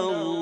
إنه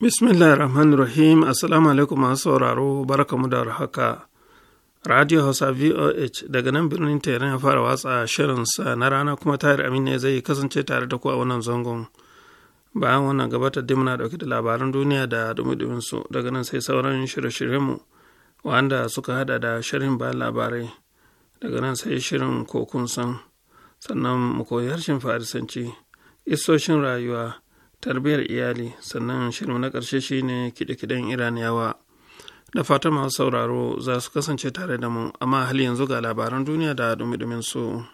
Bismillah rahman rahim Assalamu alaikum masu sauraro barkamu da haka. Radio Hausa VOH daga nan birnin Tehran ya fara watsa shirinsa na rana kuma Amin amina zai kasance tare da ku a wannan zangon. Bayan wannan gabatar da muna dauke da labaran duniya da dumi su daga nan sai sauran shirye mu wanda suka hada da shirin bayan labarai daga nan sai shirin kokun san sannan mu koyi harshen farisanci isoshin rayuwa tarbiyyar iyali sannan shirin na ƙarshe shine kiɗe-kiɗen iraniyawa da fatan masu sauraro za su kasance tare da mu amma hali yanzu ga labaran duniya da dumi su.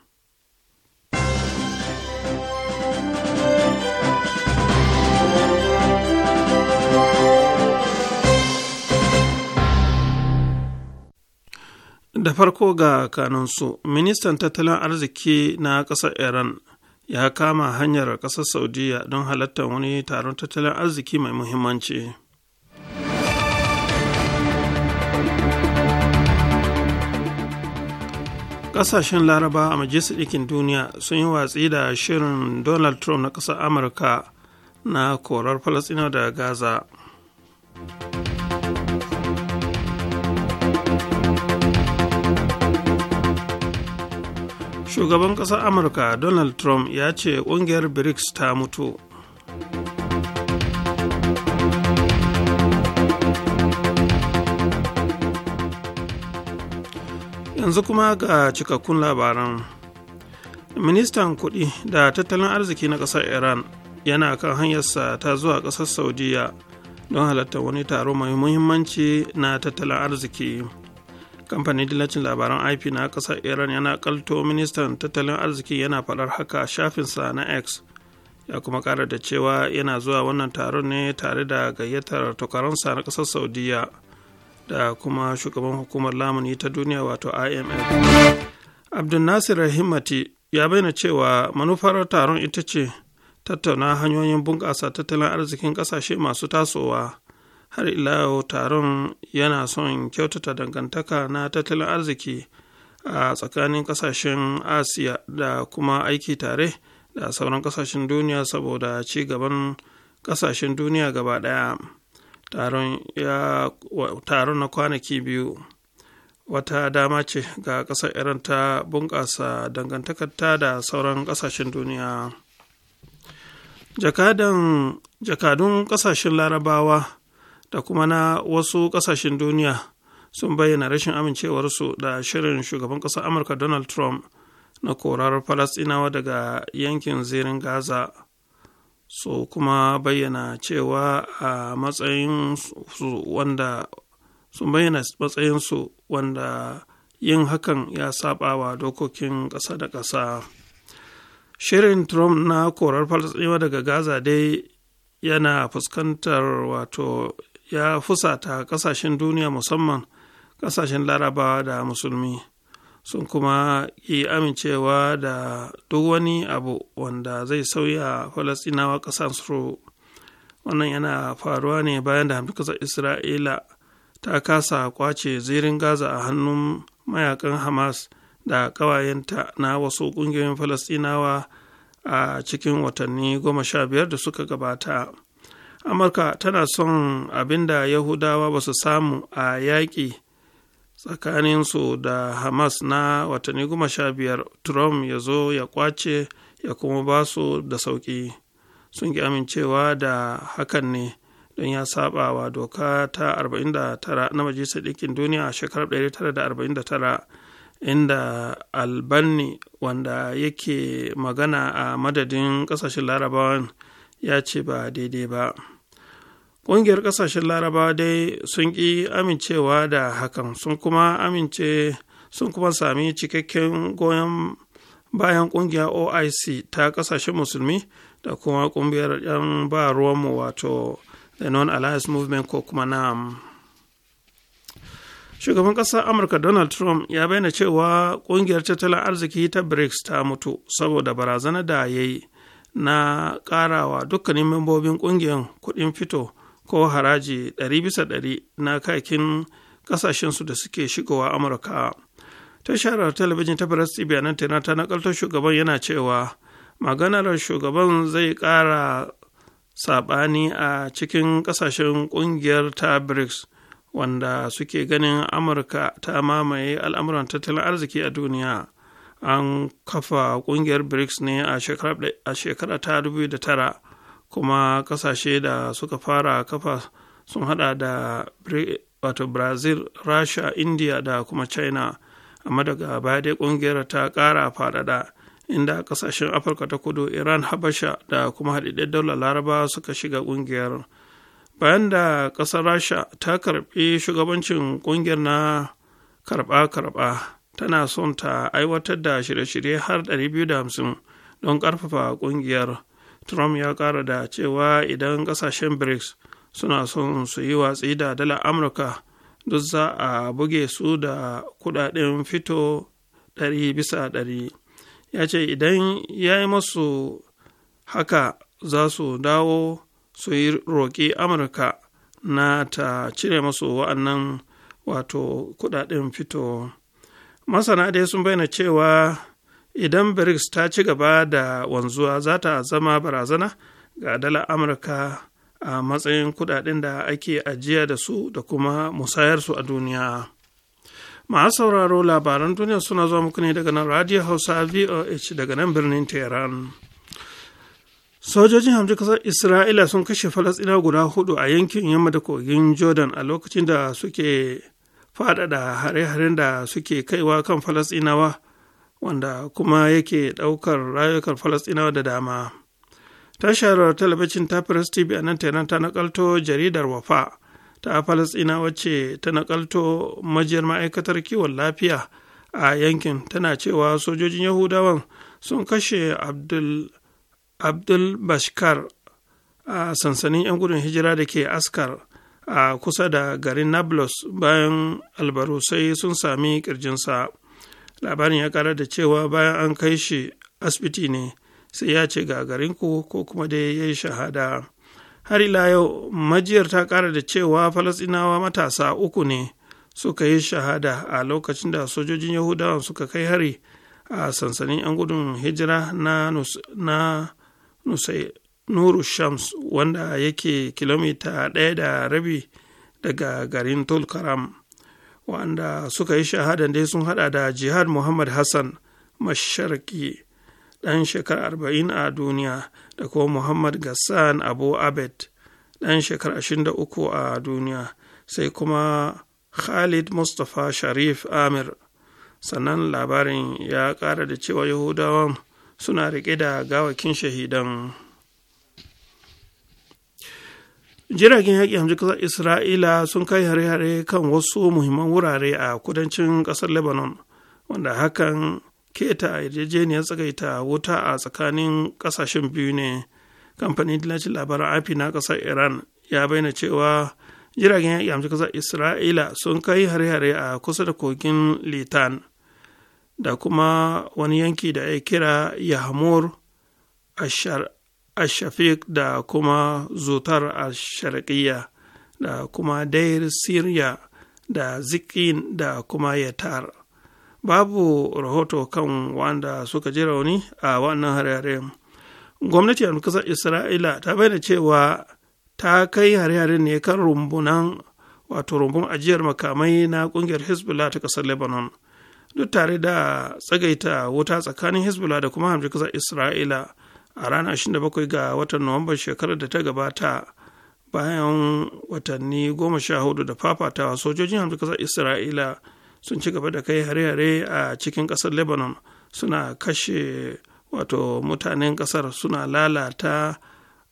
da farko ga kanunsu ministan tattalin arziki na ƙasar iran ya kama hanyar ƙasar saudiya don halartar wani taron tattalin arziki mai muhimmanci ƙasashen laraba a majalisar ɗikin duniya sun yi watsi da shirin donald trump na ƙasar amurka na korar falasina da gaza shugaban ƙasar amurka donald trump ya ce ƙungiyar brics ta mutu yanzu kuma ga cikakkun labaran ministan kuɗi da tattalin arziki na ƙasar iran yana kan hanyarsa ta zuwa ƙasar saudiya don halatta wani taro mai muhimmanci na tattalin arziki kamfanin dillacin labaran ip na kasar iran yana kalto ministan tattalin arziki yana faɗar haka a shafinsa na x ya kuma ƙara da cewa yana zuwa wannan taron ne tare da gayyatar tukaransa na ƙasar saudiya da kuma shugaban hukumar lamuni ta duniya wato imf abdulnasir himmati ya bayyana cewa manufar taron ita ce tattauna hanyoyin bunƙasa tattalin arzikin ƙasashe masu tasowa har ila taron yana son kyautata dangantaka na tattalin arziki a tsakanin kasashen asiya da kuma aiki tare da sauran kasashen duniya saboda ci gaban kasashen duniya gaba daya taron na kwanaki biyu wata dama ce ga ƙasar iran ta bunƙasa dangantakarta da sauran ƙasashen duniya jakadun ƙasashen larabawa da kuma na wasu ƙasashen duniya sun bayyana rashin amincewarsu da shirin shugaban ƙasar amurka donald trump na korar falasɗinawa daga yankin zirin gaza su kuma bayyana cewa a matsayin su wanda bayyana matsayinsu wanda yin hakan ya saba wa dokokin ƙasa da ƙasa shirin trump na korar falasɗinawa daga gaza dai yana fuskantar wato ya fusata ƙasashen duniya musamman ƙasashen larabawa da musulmi sun kuma yi amincewa da duk wani abu wanda zai sauya falastinawa ƙasansu wannan yana faruwa ne bayan da hamdukasar isra'ila ta kasa kwace zirin gaza a hannun mayakan hamas da ƙawayenta na wasu ƙungiyoyin falastinawa a cikin watanni goma sha biyar da suka gabata amurka tana son abinda yahudawa ba su samu a yaƙi tsakaninsu da hamas na watanni goma sha biyar trump ya zo ya kwace ya kuma ba su da sauƙi sun ki amincewa da hakan ne don ya saba wa doka ta 49 na majalisar ɗinkin duniya a shekarar 1949 inda albanni wanda yake magana a madadin ƙasashen larabawan ya ce ba daidai ba. ƙungiyar ƙasashen laraba dai sun ƙi amincewa da hakan sun kuma amince sun kuma sami cikakken goyon bayan ƙungiyar oic ta ƙasashen musulmi da kuma ƙungiyar 'yan ba ruwanmu wato the non alliance movement ko kuma nam shugaban ƙasar amurka donald trump ya bayyana cewa ƙungiyar tattalin arziki ta brics ta mutu saboda barazana da ya yi na ƙarawa dukkanin membobin ƙungiyar kuɗin fito ko haraji ɗari ɗari na kakin kasashensu da suke shigowa amurka tasharar talabijin ta faras nan tana ta nakaltar shugaban yana cewa maganar shugaban zai ƙara saɓani a cikin ƙasashen ƙungiyar ta brics wanda suke ganin amurka ta mamaye al'amuran tattalin arziki a duniya an kafa ƙungiyar brics ne a shekara ta 2009 kuma ƙasashe da suka fara kafa sun hada da wato brazil rasha india da kuma china amma daga baya dai ƙungiyar ta ƙara faɗaɗa inda ƙasashen afirka ta kudu iran habasha da kuma haɗaɗɗen daular laraba suka shiga ƙungiyar bayan da ƙasar rasha ta karɓi shugabancin ƙungiyar na karɓa-karɓa tana son ta aiwatar da shirye-shirye har 250 don ƙarfafa ƙungiyar trump ya kara da cewa idan kasashen brics suna son su yi watsi da dala amurka duk za a buge su da kudaden fito 100 bisa 100 ya ce idan ya yi masu haka za su dawo su yi roƙi amurka na ta cire masu wa'annan wato kudaden fito masana dai sun bayyana cewa idan brics ta ci gaba da wanzuwa za ta zama barazana ga dala amurka a matsayin kudaden da ake ajiya da su da kuma musayarsu a duniya masu sauraro labaran duniya suna zuwa muku ne daga nan radio hausa voh daga nan birnin tehran sojojin hamji kasar isra'ila sun kashe falasina guda hudu a yankin yamma da kogin jordan a lokacin da suke faɗaɗa hare-haren da suke kaiwa kan falasɗinawa wanda kuma yake ɗaukar rayukan falastinawa da dama tashar talabijin ta press tv a nan tenan ta nakalto jaridar wafa ta falastina wacce ta nakalto majiyar ma'aikatar kiwon lafiya a yankin tana cewa sojojin yahudawan sun kashe abdul, abdul bashkar a sansanin 'yan gudun hijira da ke askar a kusa da garin nablus bayan albarusai sun sami kirjinsa. labarin ya kara da cewa bayan an kai shi asibiti ne sai ya ce ga garinku ko kuma dai ya yi shahada har ila yau majiyar ta kara da cewa falasinawa matasa uku ne suka yi shahada a lokacin da sojojin yahudawa suka kai hari a sansanin 'yan gudun hijira na, nuru shams wanda yake kilomita ɗaya da rabi daga garin tulkaram wanda suka yi shahadan dai sun hada da jihar muhammad hassan masharki ɗan shekara arba'in a duniya da kuma muhammad gassan abu abed ɗan shekara ashirin da uku a duniya sai kuma khalid mustapha sharif amir sannan labarin ya ƙara da cewa yahudawan suna riƙe da gawakin shahidan jiragen yaƙi hamsin ƙasar isra'ila sun kai hare-hare kan wasu muhimman wurare a kudancin ƙasar lebanon wanda hakan keta yarjejeniyar tsagaita wuta a tsakanin ƙasashen biyu ne kamfanin dillacin labaran afi na ƙasar iran ya bayyana cewa jiragen yaƙi hamsin ƙasar isra'ila sun kai hare-hare a kusa da kogin litan da kuma wani yanki da ya kira yahmur ashar ashafiq da kuma zutar asharƙiyya da kuma dair siriya da zikin da kuma yatar babu rahoto kan wanda suka ji rauni a wannan hare gwamnati a kasar isra'ila ta bayyana cewa ta kai hare-hare ne kan rumbunan wato rumbun ajiyar makamai na kungiyar hezbollah ta kasar lebanon duk tare da tsagaita wuta tsakanin hezbollah da kuma hamshi kasar isra'ila a ranar 27 ga watan nuwamban shekarar da ta gabata bayan watanni goma sha hudu da fafatawa sojojin hamsin kasar isra'ila sun ci gaba da kai hare-hare a cikin kasar lebanon suna kashe wato mutanen kasar suna lalata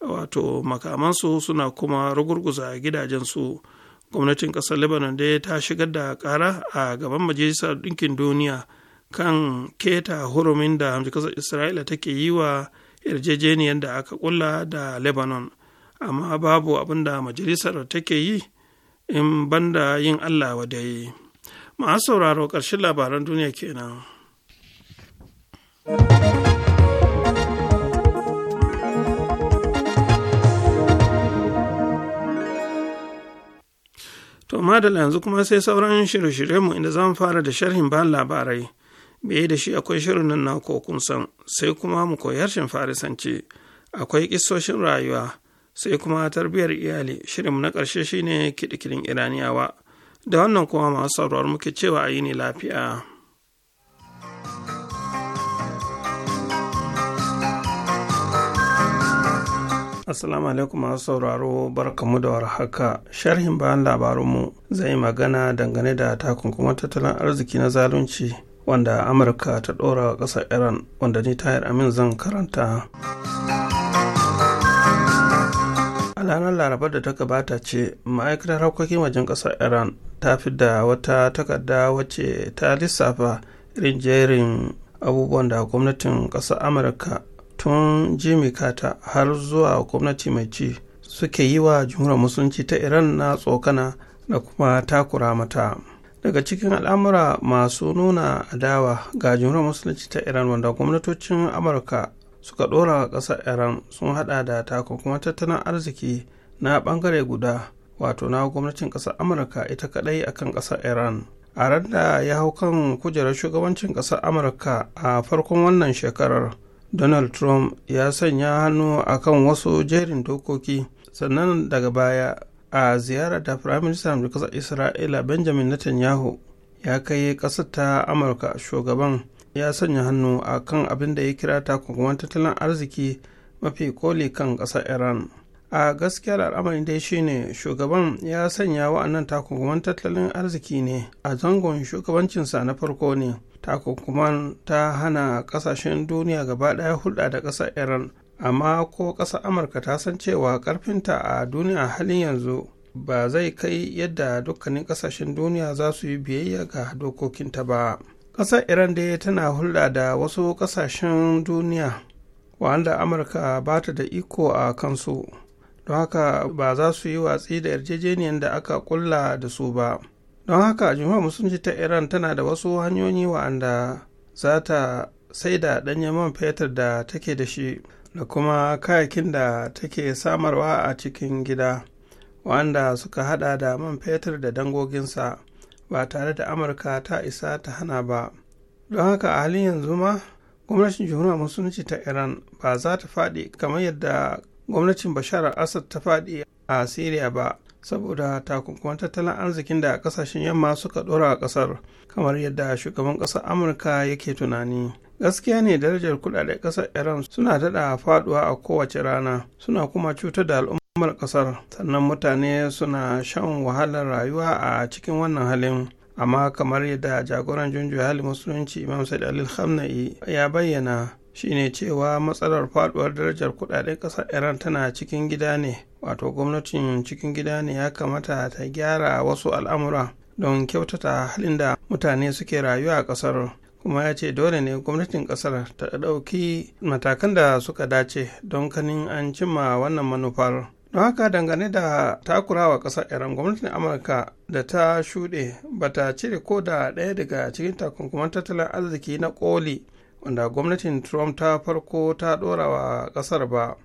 wato makamansu suna kuma rugurguza gidajensu gwamnatin kasar lebanon dai ta shigar da kara a gaban majalisar ɗinkin duniya kan keta hurumin da hamsin kasar isra'ila take yi wa yarjejeniyar da aka kulla da lebanon amma babu abin da majalisar take yi in banda yin allah wadai masu sauraro ƙarshen labaran duniya kenan. To madalla yanzu kuma sai sauran shirye-shiryenmu inda zan fara da sharhin ban labarai me da shi akwai shirin nan na kun san sai kuma mu koyi harshen farisanci akwai kisoshin rayuwa sai kuma tarbiyyar iyali shirin na ƙarshe shine kiɗi iraniya iraniyawa da wannan kuma masu sauraron muke cewa a yi ne lafiya. Assalamu alaikum masu sauraro barkamu da haka sharhin bayan labarunmu zai magana dangane da takunkuman tattalin arziki na zalunci wanda amurka ta wa ƙasar iran wanda ni tahir amin zan karanta a ranar larabar da ta gabata ce ma'aikatar harkokin wajen ƙasar iran ta fi da wata takarda wacce ta lissafa irin jerin abubuwan da gwamnatin ƙasar amurka tun jimmy carter har zuwa gwamnati mai ci suke yi wa jumhuriyar musulunci ta iran na tsokana da kuma takura mata daga cikin al'amura masu nuna adawa ga jumhuriyar musulunci ta iran wanda gwamnatocin amurka suka ɗora ƙasar iran sun hada da kuma tattalin arziki na ɓangare guda wato na gwamnatin ƙasar amurka ita kaɗai akan ƙasar iran a ran da ya hau kan kujerar shugabancin ƙasar amurka a farkon wannan shekarar donald trump ya sanya hannu akan wasu jerin dokoki sannan daga baya a ziyarar da firaministan amurka isra'ila benjamin netanyahu ya kai ƙasar ta amurka shugaban ya sanya hannu a kan abin da ya kira takunkuman tattalin arziki mafi koli kan ƙasar iran a gaskiyar al'amari dai shine shugaban ya sanya wa'annan takunkuman tattalin arziki ne a zangon shugabancinsa na farko ne takunkuman ta hana ƙasashen duniya gaba ɗaya hulɗa da ƙasar iran amma ko ƙasar amurka ta san cewa ƙarfinta a duniya halin yanzu ba zai kai yadda dukkanin ƙasashen duniya za su yi biyayya ga dokokinta ba ƙasar iran dai tana hulɗa da wasu ƙasashen duniya wanda amurka ba ta da iko a kansu don haka ba za su yi watsi da yarjejeniyar da aka kulla da su ba don haka jumhuriyar musulunci ta iran tana da wasu hanyoyi wa'anda za ta sai da ɗanyen man fetur da take da shi da kuma kayakin da take samarwa a cikin gida wanda suka hada da man fetur da dangoginsa ba tare da amurka ta isa ta hana ba don haka a halin yanzu ma gwamnatin jihunar musulunci ta iran ba za ta faɗi kamar yadda gwamnatin bashar al-assad ta faɗi a syria ba saboda takunkuman tattalin arzikin da kasashen yamma suka ɗora a kasar kamar yadda shugaban ƙasar amurka yake tunani. gaskiya ne darajar kudaden kasar iran suna daɗa faduwa a kowace rana suna kuma cutar da al'ummar kasar sannan mutane suna shan wahalar rayuwa a cikin wannan halin amma kamar yadda jagoran junjuya hali musulunci imam sa'id alil hamna'i ya bayyana shine cewa matsalar faduwar darajar kudaden kasar iran tana cikin gida ne wato gwamnatin cikin gida ne ya kamata ta gyara wasu al'amura don kyautata halin da mutane suke rayuwa a kasar kuma ya ce dole ne gwamnatin kasar ta ɗauki matakan da suka dace don kanin an cimma wannan manufar don haka dangane da takurawa kasar iran gwamnatin amurka da ta shuɗe ba ta cire ko da ɗaya daga cikin takunkuman tattalin arziki na koli wanda gwamnatin trump ta farko ta ɗora wa kasar ba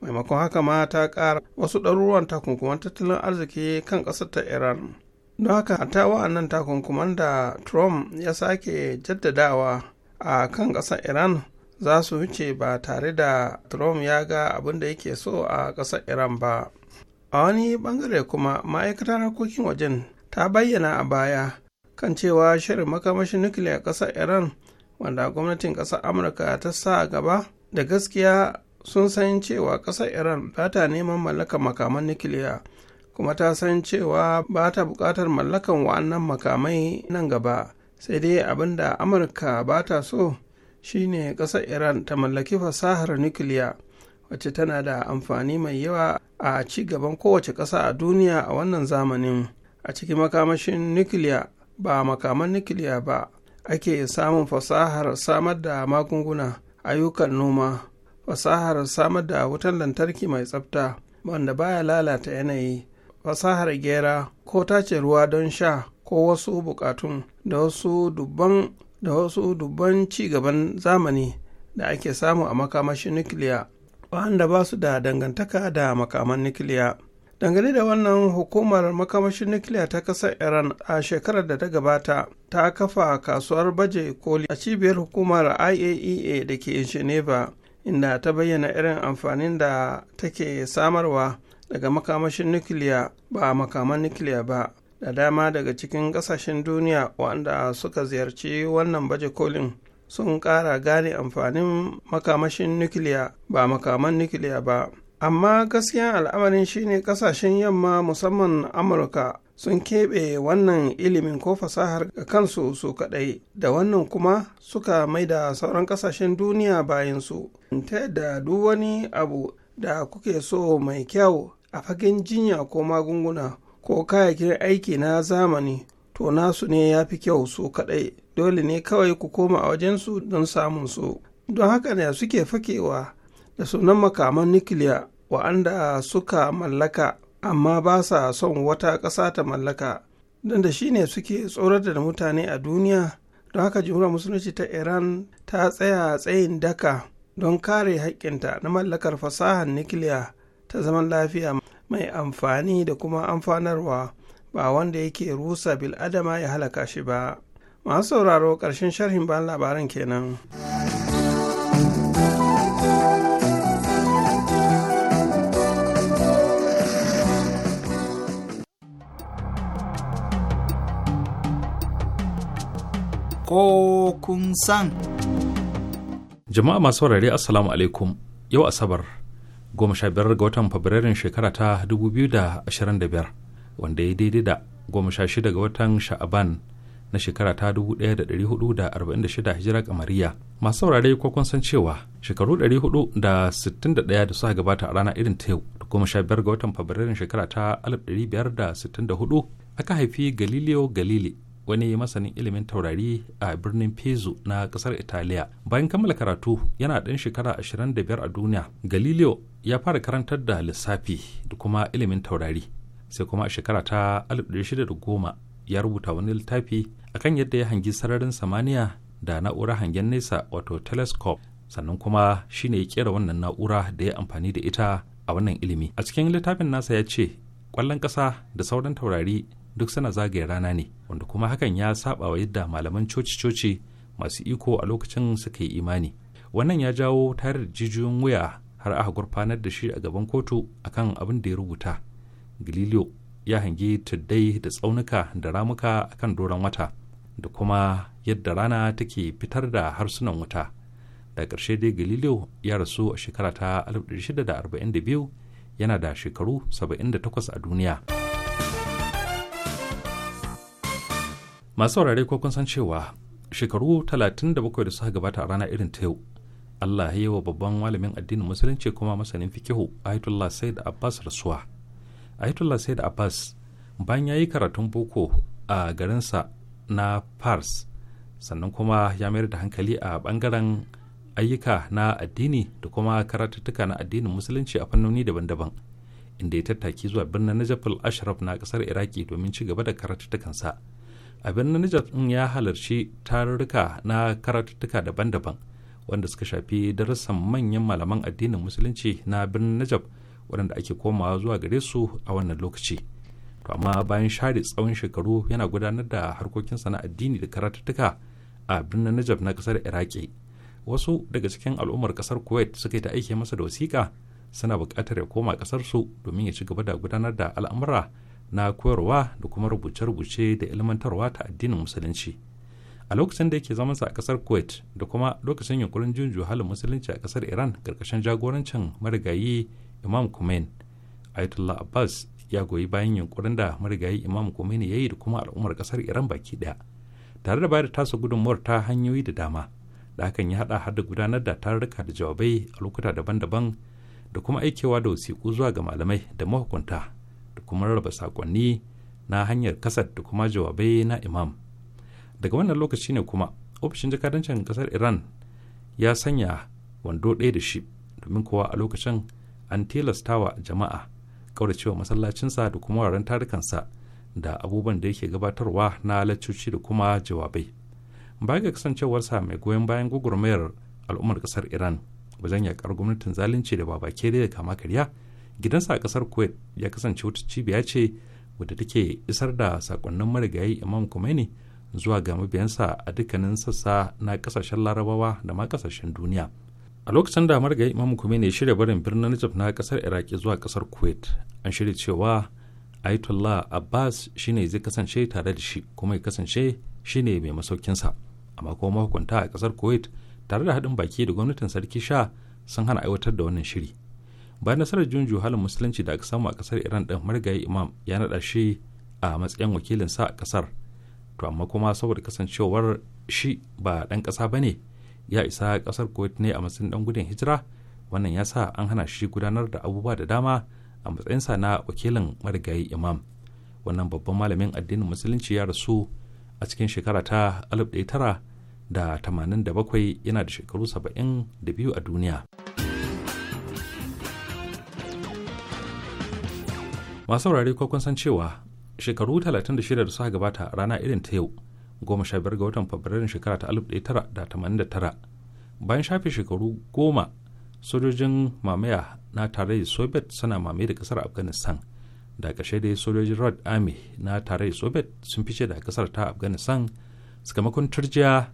maimakon haka ma ta ƙara wasu ɗaruruwan takunkuman tattalin arziki kan ƙasar ta iran don haka ta wa'annan takunkuman da trump ya sake jaddadawa a kan ƙasar iran za su wuce ba tare da trump ya ga abin da yake so a ƙasar iran ba a wani bangare kuma ma'aikatar harkokin wajen ta bayyana a baya kan cewa shirin makamashin nukiliya ƙasar iran wanda gwamnatin ƙasar amurka ta sa gaba da gaskiya sun san cewa ƙasar iran ba ta neman mallakar makaman nukiliya kuma ta san cewa ba ta buƙatar mallakan wa'annan makamai nan gaba sai dai abin da amurka ba ta so shine ƙasar iran ta mallaki fasahar nukiliya wacce tana da amfani mai yawa a ci gaban kowace ƙasa a duniya a wannan zamanin a cikin makamashin nukiliya ba makaman nukiliya ba ake samun fasahar samar da magunguna ayyukan noma fasahar samar da wutan lantarki mai tsafta wanda baya lalata yanayi fasahar gera ko tace ruwa don sha ko wasu bukatun da wasu dubban da wasu dubban cigaban zamani da ake samu a makamashin nukiliya wanda ba su da dangantaka da makaman nukiliya dangane da wannan hukumar makamashin nukiliya ta ƙasar iran a shekarar da ta gabata ta kafa kasuwar baje koli a cibiyar hukumar iaea e da ke geneva inda ta bayyana irin amfanin da take samarwa daga makamashin nukiliya ba makaman nukiliya ba da dama daga cikin kasashen duniya wanda suka ziyarci wannan baje kolin sun ƙara gane amfanin makamashin nukiliya ba makaman nukiliya ba amma gaskiyan al'amarin shine kasashen yamma musamman amurka sun keɓe wannan ilimin ko fasahar ga kansu su kaɗai da wannan kuma suka maida sauran kasashen duniya bayansu ta yadda duk wani abu da kuke so mai kyau a fagen jinya ko magunguna ko kayakin aiki na zamani to nasu ne ya fi kyau su kaɗai dole ne kawai ku koma a wajensu don samun su don haka ne suke fakewa da sunan makaman nukiliya wa'anda suka mallaka amma ba sa son wata ƙasa ta mallaka don da shi ne suke tsorata da mutane a duniya don haka jimhuriyar musulunci ta iran ta tsaya tsayin daka don kare haƙƙinta na mallakar fasahar nukiliya ta zaman lafiya mai amfani da kuma amfanarwa ba wanda yake rusa bil'adama ya halaka shi ba masu sauraro ƙarshen sharhin ban labaran kenan. ko kun san. jama'a masu wurare assalamu alaikum yau asabar goma sha biyar ga watan fabrairun shekara ta dubu biyu da ashirin da biyar wanda ya daidai da goma sha shida ga watan sha'aban na shekara ta dubu ɗaya da ɗari hudu da arba'in da shida hijira kamariya masu wurare ko kun san cewa shekaru ɗari hudu da sittin da ɗaya da suka gabata a rana irin ta yau da goma sha biyar ga watan fabrairun shekara ta alif ɗari biyar da sittin da hudu aka haifi galileo galili wani masanin ilimin taurari a birnin Pizzo na kasar Italiya. Bayan kammala karatu yana ɗan shekara 25 a duniya, Galileo ya fara karantar da lissafi da kuma ilimin taurari. Sai kuma a shekara ta 1610 ya rubuta wani littafi akan yadda ya hangi sararin samaniya da na'urar hangen nesa wato telescope sannan kuma shine ya kera wannan na'ura da ya amfani da ita a wannan ilimi. A cikin littafin nasa ya ce, ƙwallon ƙasa da sauran taurari duk sana zagaye rana ne wanda kuma hakan ya saba wa yadda malaman coci-coci masu iko a lokacin suka yi imani wannan ya jawo tare da jijiyoyin wuya har aka gurfanar da shi a gaban kotu akan abin da ya rubuta galileo ya hangi tuddai da tsaunuka da ramuka akan doron wata da kuma yadda rana take fitar da harsunan wuta da karshe dai galileo ya rasu a shekara ta 1642 yana da shekaru 78 a duniya. masu saurare ko kun san cewa shekaru 37 da suka gabata a rana irin ta yau Allah ya yi wa babban malamin addinin musulunci kuma masanin fikihu Ayatollah Said Abbas rasuwa Ayatollah Said Abbas bayan ya yi karatun boko a garinsa na Fars sannan kuma ya mayar da hankali a bangaren ayyuka na addini da kuma karatattuka na addinin musulunci a fannoni daban-daban inda ya tattaki zuwa birnin najaful ashraf na kasar iraki domin ci gaba da karatuttukansa a birnin Nijar din ya halarci tarurruka na karatuttuka daban-daban wanda suka shafi darussan manyan malaman addinin musulunci na birnin Nijar waɗanda ake komawa zuwa gare su a wannan lokaci. To amma bayan share tsawon shekaru yana gudanar da harkokinsa na addini da karatuttuka a birnin nijar na kasar Iraki. Wasu daga cikin al'ummar kasar Kuwait suka yi ta aike masa da wasiƙa suna buƙatar ya koma kasar su domin ya ci gaba da gudanar da al'amura na koyarwa da kuma rubuce-rubuce da ilmantarwa ta addinin musulunci a lokacin da yake zamansa a kasar kuwait da kuma lokacin yunkurin junju halin musulunci a kasar iran karkashin jagorancin marigayi imam kumain ayatollah abbas ya goyi bayan yunkurin da marigayi imam kumain ya yi da kuma al'ummar kasar iran baki daya tare da bayar da tasa gudunmuwar ta hanyoyi da dama da hakan ya haɗa har da gudanar da tarurruka da jawabai a lokuta daban-daban da kuma aikewa da wasiƙu zuwa ga malamai da mahukunta da kuma rarraba sakonni na hanyar kasar da kuma jawabai na imam daga wannan lokaci ne kuma ofishin jakadancin kasar iran ya sanya wando ɗaya da shi domin kowa a lokacin an tilastawa jama'a kauracewa masallacinsa da kuma wuraren tarukansa da abubuwan da yake gabatarwa na laccoci da kuma jawabai baya ga kasancewarsa mai goyon bayan gwagwarmayar al'ummar kasar iran wajen yakar gwamnatin zalunci da babake da kama karya gidansa a kasar kuwait ya kasance wata cibiya ce wadda take isar da sakonnin marigayi imam khomeini zuwa ga mabiyansa a dukkanin sassa na kasashen larabawa da ma kasashen duniya a lokacin da marigayi imam khomeini ya shirya barin birnin najaf na kasar iraki zuwa kasar kuwait an shirya cewa ayatollah abbas shine zai kasance tare da shi kuma ya kasance shine mai masaukinsa amma kuma mahukunta a kasar kuwait tare da haɗin baki da gwamnatin sarki sha sun hana aiwatar da wannan shiri bayan nasarar junju halin musulunci da aka samu a kasar iran din marigayi imam ya naɗa shi a matsayin wakilin sa a kasar to amma kuma saboda kasancewar shi ba ɗan ƙasa ba ne ya isa ƙasar kuwait ne a matsayin ɗan gudun hijira wannan ya sa an hana shi gudanar da abubuwa da dama a matsayin sa na wakilin marigayi imam wannan babban malamin addinin musulunci ya rasu a cikin shekara ta 1987 yana da shekaru saba'in da biyu a duniya. masu saurare ko kun san cewa shekaru 36 da suka gabata rana irin ta yau goma sha biyar ga watan fabrairun shekara ta alif tara bayan shafe shekaru goma sojojin mamaya na tarayyar soviet suna mamaye da kasar afghanistan da ƙarshe dai sojojin red army na tarayyar soviet sun fice da kasar ta afghanistan sakamakon turjiya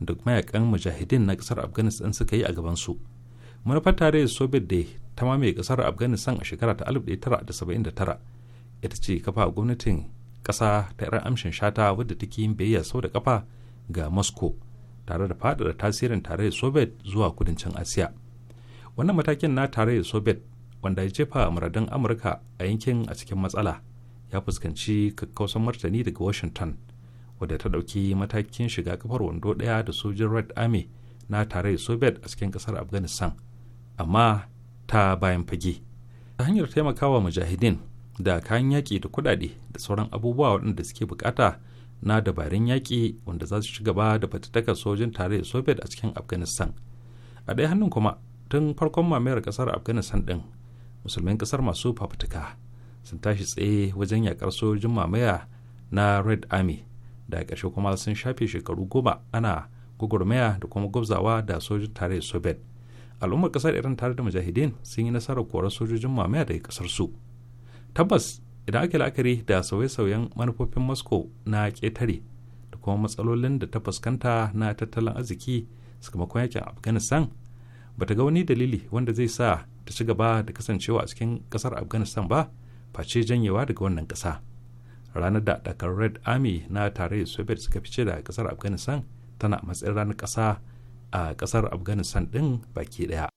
da mayakan mujahidin na kasar afghanistan suka yi a gabansu manufar tarayyar soviet dai ta mamaye kasar afghanistan a shekara ta 1979 ita ce kafa gwamnatin kasa ta yar amshin shata wadda take yin biyayya sau da kafa ga moscow tare da faɗaɗa tasirin tarayyar soviet zuwa kudancin asiya wannan matakin na tare tarayyar soviet wanda ya jefa muradun amurka a yankin a cikin matsala ya fuskanci kakkausan martani daga washington wadda ta ɗauki matakin shiga kafar wando ɗaya da sojin red army na tarayyar soviet a cikin ƙasar afghanistan amma ta bayan fage ta hanyar taimakawa mujahidin da kayan yaƙi da kuɗaɗe da sauran abubuwa waɗanda suke bukata na dabarun yaƙi wanda za su ci gaba da fatattakar sojin tarayyar soviet a cikin afghanistan a ɗaya hannun kuma tun farkon mamayar ƙasar afghanistan ɗin musulmin ƙasar masu fafutuka sun tashi tsaye wajen yaƙar sojin mamaya na red army da ƙarshe kuma sun shafe shekaru goma ana gwagwarmaya da kuma gwabzawa da sojin tarayyar soviet al'ummar kasar iran tare da mujahideen sun yi nasarar korar sojojin mamaya daga kasar su tabbas idan ake la'akari da sauye-sauyen manufofin moscow na ketare da kuma matsalolin da ta fuskanta na tattalin arziki sakamakon yakin afghanistan ba ta ga wani dalili wanda zai sa ta ci gaba da kasancewa a cikin kasar afghanistan ba face janyewa daga wannan ƙasa ranar da dakar red army na tarayyar soviet suka fice da kasar afghanistan tana matsayin ranar kasa a ƙasar afghanistan ɗin baki ɗaya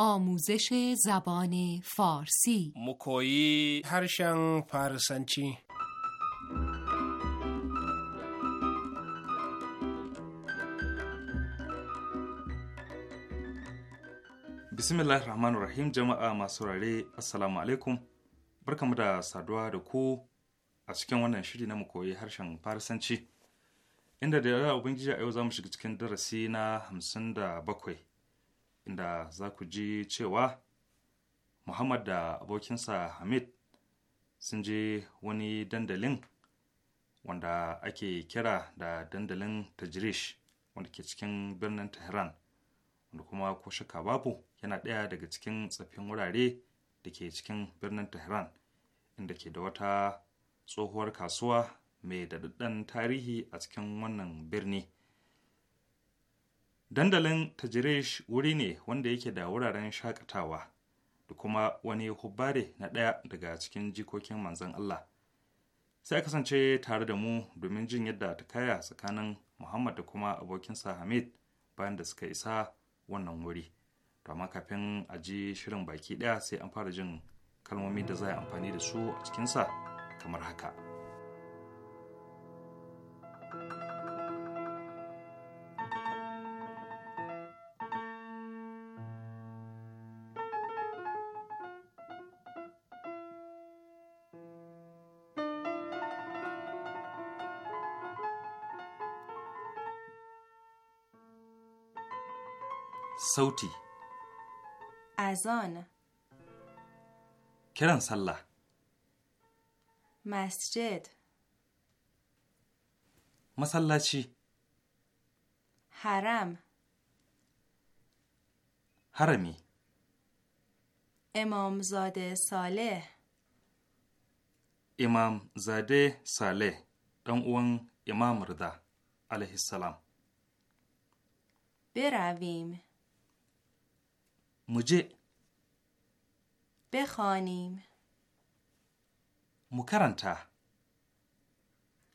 آموزش زبان فارسی مکویی هرشن فارسنچی bismillah rahmanu rahim jama'a masu rare assalamu alaikum barkamu da saduwa da ku a cikin wannan shiri na mu koyi harshen farisanci inda da yawa ubangiji a yau za mu shiga cikin darasi na hamsin da bakwai inda za ku ji cewa Muhammad da abokinsa Hamid sun je wani dandalin wanda ake kira da dandalin Tajirish wanda ke cikin birnin Tehran wanda kuma ko shaka babu yana ɗaya daga cikin tsaffin wurare da ke cikin birnin Tehran inda ke da wata tsohuwar kasuwa mai daɗaɗɗen tarihi a cikin wannan birni. Dandalin Tajirish wuri ne wanda yake da wuraren shakatawa da kuma wani hubbare na ɗaya daga cikin jikokin manzan Allah. Sai kasance tare da mu domin jin yadda ta kaya tsakanin Muhammad da kuma abokinsa Hamid bayan da suka isa wannan wuri. To kafin a ji shirin baki ɗaya sai an fara jin kalmomi da za a amfani da su a cikinsa kamar haka. sauti Azon. kiran sallah masjid masallaci haram harami imam zade saleh imam zade saleh ɗan uwan imam rida alaihissalam Beravim. مجه بخوانیم مکرنتا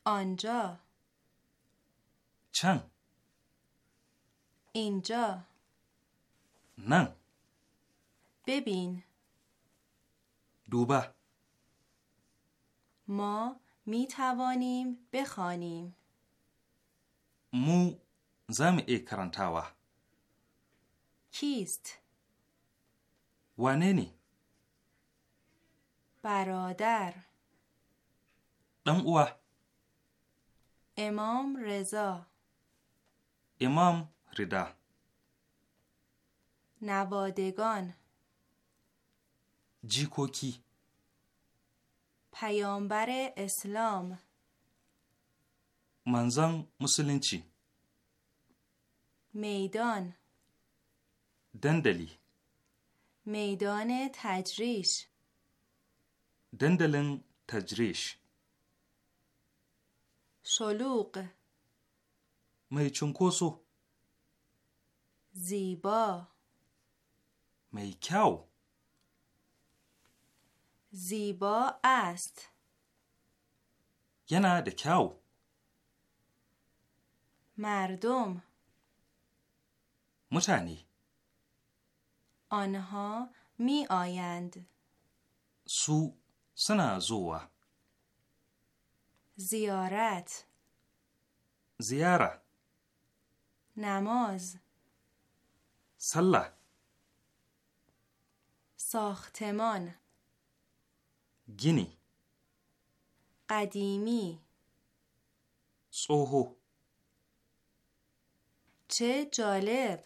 آنجا چن اینجا نن ببین دوبه ما می توانیم بخوانیم مو زم ای کرنتاوا کیست؟ وانه برادر دم اوه امام رضا امام رضا نوادگان جیکوکی پیامبر اسلام منزان مسلمچی میدان دندلی میدان تجریش دندلن تجریش شلوغ می کوسو زیبا می زیبا است ینا دکاو مردم متعنی آنها می آیند سو سنا زوا زیارت زیاره نماز سله ساختمان گینی قدیمی سوهو چه جالب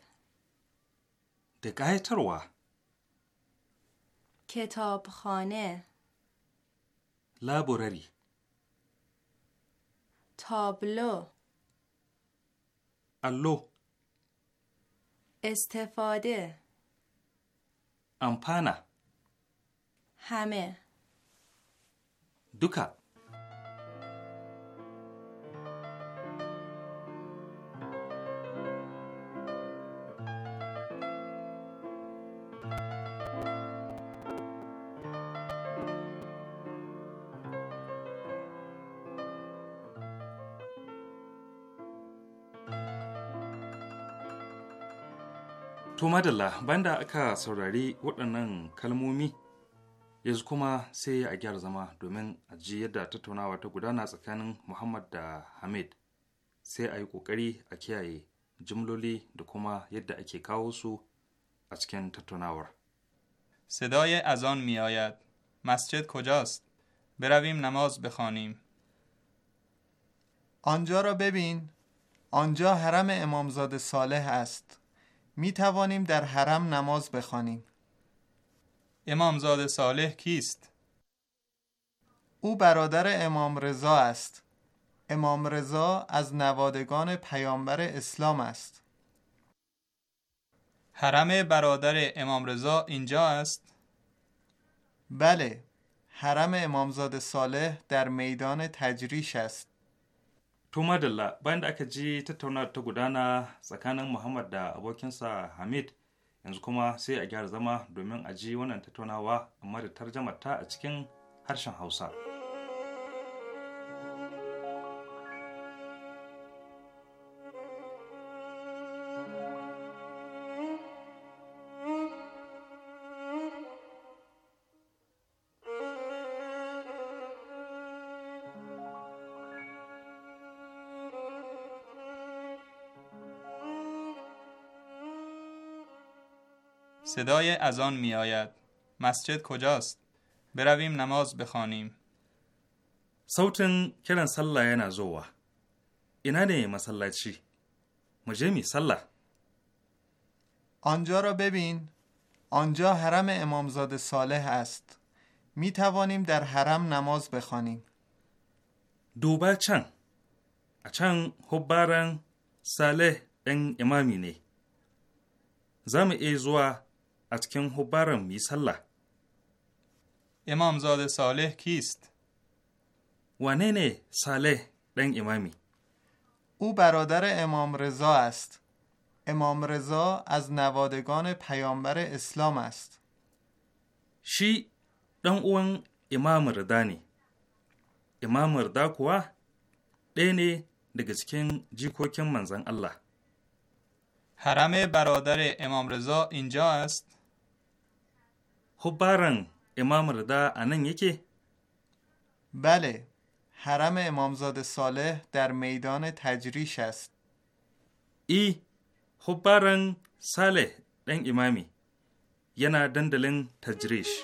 da کتاب کتابخانه لابورری تابلو الو استفاده امپانا همه دوکا To madalla banda aka saurari waɗannan kalmomi yanzu kuma sai a gyara zama domin a ji yadda tattaunawa ta gudana tsakanin Muhammad da Hamid sai a yi ƙoƙari a kiyaye jimloli da kuma yadda ake kawo su a cikin tattaunawar. صدای اذان می آید. مسجد کجاست؟ برویم نماز بخوانیم. آنجا را ببین. آنجا حرم امامزاده صالح است. می توانیم در حرم نماز بخوانیم. امامزاده صالح کیست؟ او برادر امام رضا است. امام رضا از نوادگان پیامبر اسلام است. حرم برادر امام رضا اینجا است؟ بله، حرم امامزاده صالح در میدان تجریش است. To madalla bayan da aka ji tattauna ta gudana tsakanin Muhammad da abokinsa Hamid yanzu kuma sai a gyara zama domin a ji wannan tattaunawa amma da tarjamar ta a cikin harshen Hausa. صدای از آن می آید. مسجد کجاست؟ برویم نماز بخوانیم. سوتن کلن سلا یا زوا. اینا نه چی؟ مجه می سلا. آنجا را ببین. آنجا حرم امامزاده صالح است. می توانیم در حرم نماز بخوانیم. دوبا چن. اچن حبارن صالح این امامی نه. زم ایزوه از کن حبرم بی سلح امام زاد صالح کیست؟ و صالح دنگ امامی او برادر امام رضا است امام رضا از نوادگان پیامبر اسلام است شی دن اون امام ردانی امام رضا کوا دنی جی منزن الله حرم برادر امام رضا اینجا است؟ خب بارن امام رضا انن یکی بله حرم امامزاده صالح در میدان تجریش است ای خب بارن صالح دن امامی ینا دندلن تجریش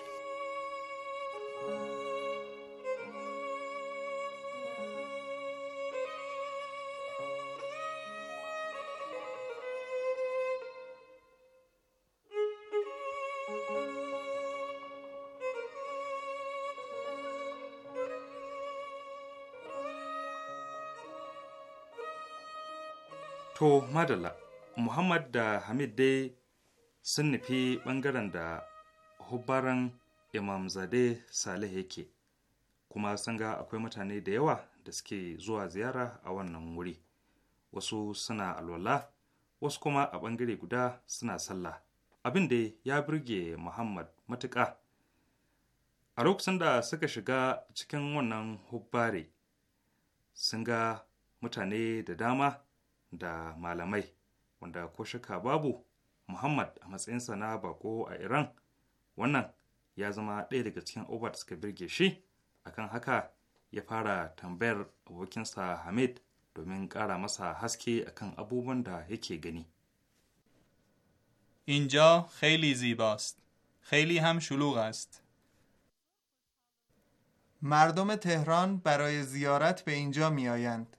To madala Muhammad da Hamid dai sun nufi ɓangaren da hubbaran zade Salih yake, kuma sun ga akwai mutane da yawa da suke zuwa ziyara a wannan wuri. Wasu suna alwala, wasu kuma a ɓangare guda suna sallah. Abin da ya birge Muhammad matuƙa. A lokacin da suka shiga cikin wannan hubbare, sun ga mutane da dama da malamai wanda ko shaka babu muhammad a matsayinsa na bako a iran wannan ya zama ɗaya daga cikin abubuwa da suka birge shi akan haka ya fara tambayar abokinsa hamid domin ƙara masa haske akan abubuwan da yake gani اینجا خیلی زیباست. خیلی هم شلوغ است. مردم تهران برای زیارت به اینجا می آیند.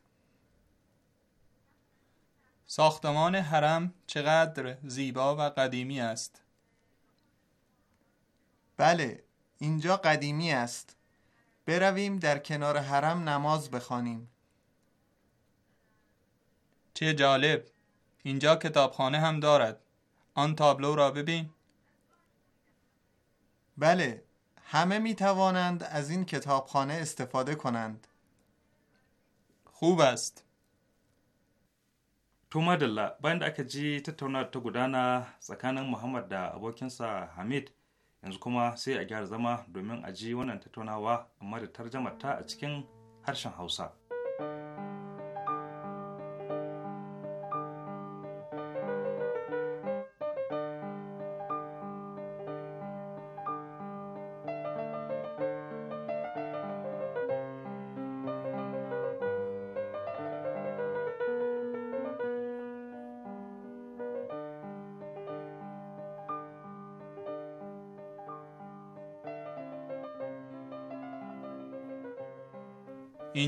ساختمان حرم چقدر زیبا و قدیمی است بله اینجا قدیمی است برویم در کنار حرم نماز بخوانیم چه جالب اینجا کتابخانه هم دارد آن تابلو را ببین بله همه می توانند از این کتابخانه استفاده کنند خوب است To madalla bayan da aka ji tattauna ta gudana tsakanin Muhammad da abokinsa Hamid yanzu kuma sai a gyara zama domin a ji wannan tattaunawa amma da tarjamar ta a cikin harshen Hausa.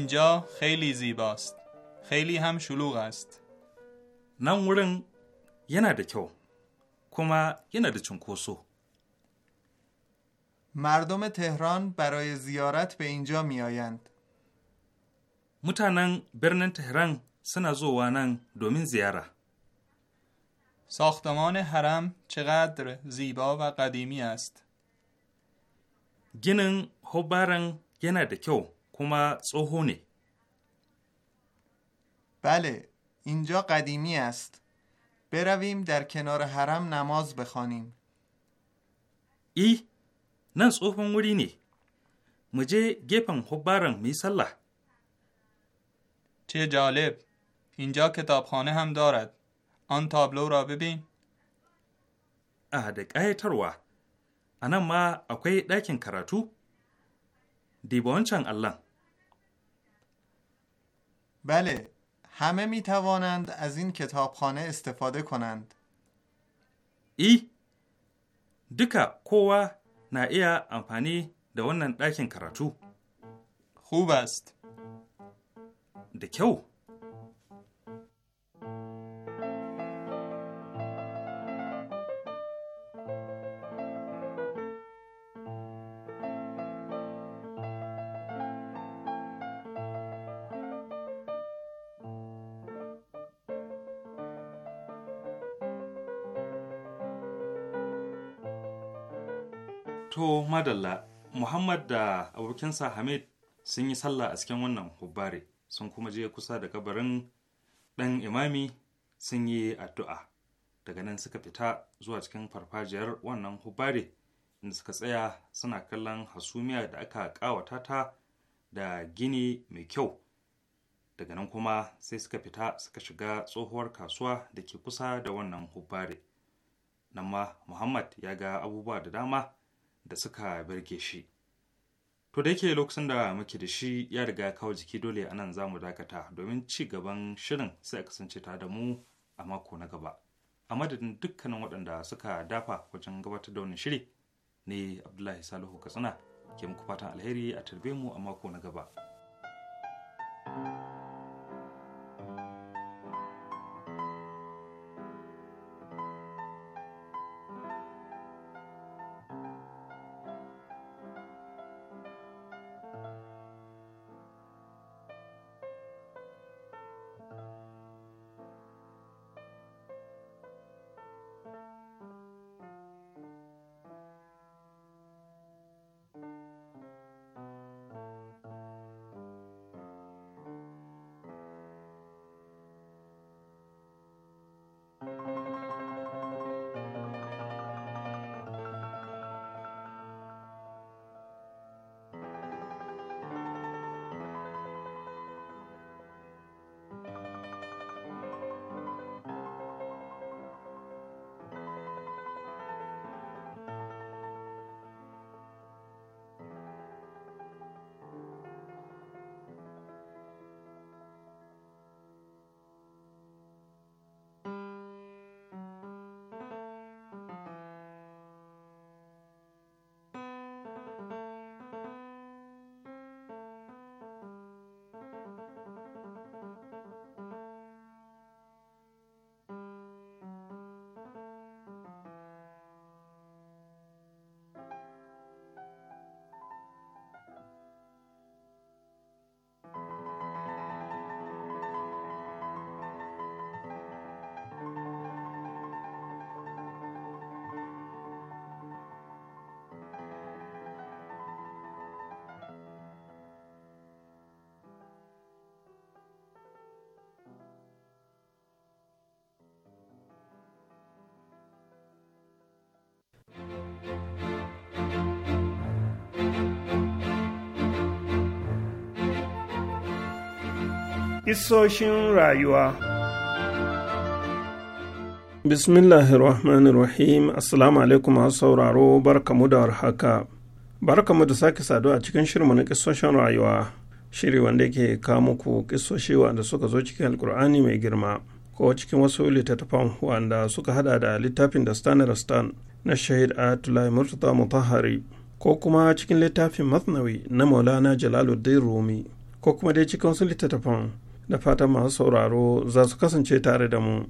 اینجا خیلی زیباست خیلی هم شلوغ است نان ورن ینا ده کو کما ینا مردم تهران برای زیارت به اینجا میآیند متانن برنن تهران سنا زوانن دومین زیاره ساختمان حرم چقدر زیبا و قدیمی است گینن هوبارن ینا ده کما صهونه بله اینجا قدیمی است برویم در کنار حرم نماز بخوانیم ای نن صهون وری مجه گپن حبارن می صلاح چه جالب اینجا کتابخانه هم دارد آن تابلو را ببین اه ده قایتروا anan ما akwai ɗakin کراتو. Diba بله همه می توانند از این کتابخانه استفاده کنند ای دکا کوا نا ایا امپانی ده ونن داکن کراتو خوب است دکو madalla, Muhammad da abokinsa Hamid sun yi sallah a cikin wannan hubbare sun kuma je kusa da kabarin ɗan imami sun yi addu'a. Daga nan suka fita zuwa cikin farfajiyar wannan hubbare inda suka tsaya suna kallon hasumiya da aka ƙawata ta da gini mai kyau. Daga nan kuma sai suka fita suka shiga tsohuwar kasuwa da ke kusa da wannan hubbare. Nan ma Muhammad ya ga abubuwa da dama. da suka birge shi to da yake lokacin da muke da shi ya riga ya kawo jiki dole a nan za mu dakata domin ci gaban shirin sai a kasance tare da mu a mako na gaba a madadin dukkanin waɗanda suka dafa wajen gabatar da wani shiri ne abdullahi salihu katsina ke muku fatan alheri a tarbe mu a mako na gaba thank you Isoshin rayuwa Rahim Assalamu alaikum masu sauraro barkamu da warhaka. Barkamu da sake saduwa a cikin shirmu na kisoshin rayuwa, shiri wanda ke kawo muku kisoshi wanda suka zo cikin alkur'ani mai girma, ko cikin wasu littattafan wanda suka hada da littafin da Stan na shahid atulai murtaza mutahari ko kuma cikin littafin masnawi na maulana jalaluddin rumi ko kuma dai cikin wasu littattafan da fatan masu sauraro za su kasance tare da mu.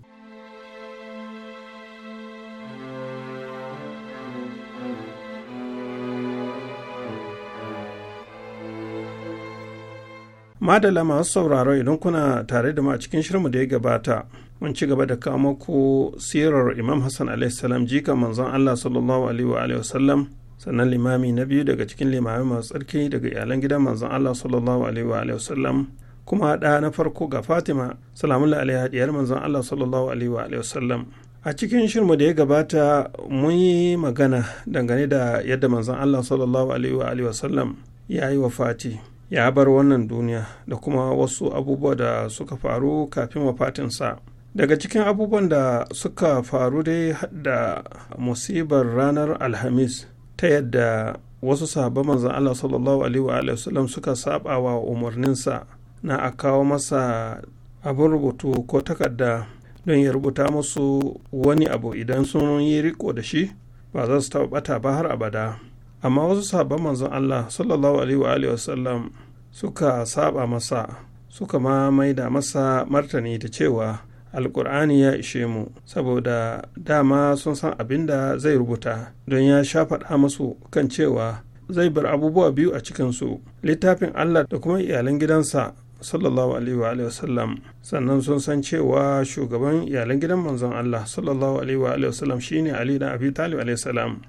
madala masu sauraro idan kuna tare da mu a cikin shirmu da ya gabata mun ci gaba da kama ko sirar imam hassan salam jika manzon allah sallallahu alaihi wa wasallam sannan limami na biyu daga cikin limami masu tsarki daga iyalan gidan manzon allah sallallahu alaihi wa wasallam kuma da na farko ga fatima salamun alaiha diyar manzon allah sallallahu alaihi wa wasallam a cikin shirmu da ya gabata mun yi magana dangane da yadda manzon allah sallallahu alaihi wa wasallam ya yi wa fati ya bar wannan duniya da kuma wasu abubuwa da suka faru kafin wafatinsa daga cikin abubuwan da suka faru dai da musibar ranar alhamis ta yadda wasu sahabban manzan Allah sallallahu alaihi wa sallam suka saba wa umarninsa na a kawo masa abin rubutu ko takarda don ya rubuta musu wani abu idan sun yi riko da shi ba za su taɓa ba har abada amma wasu sabon manzon Allah sallallahu alaihi wa wasallam suka saba masa suka ma maida masa martani da cewa alkur'ani ya ishe mu saboda dama sun san abin da zai rubuta don ya sha faɗa musu kan cewa zai bar abubuwa biyu a cikinsu littafin Allah da kuma iyalan gidansa sallallahu alaihi wa sallam sannan sun san cewa shugaban iyalan gidan manzon Allah sallallahu alaihi wa sallam shine Ali da Abi Talib alaihi salam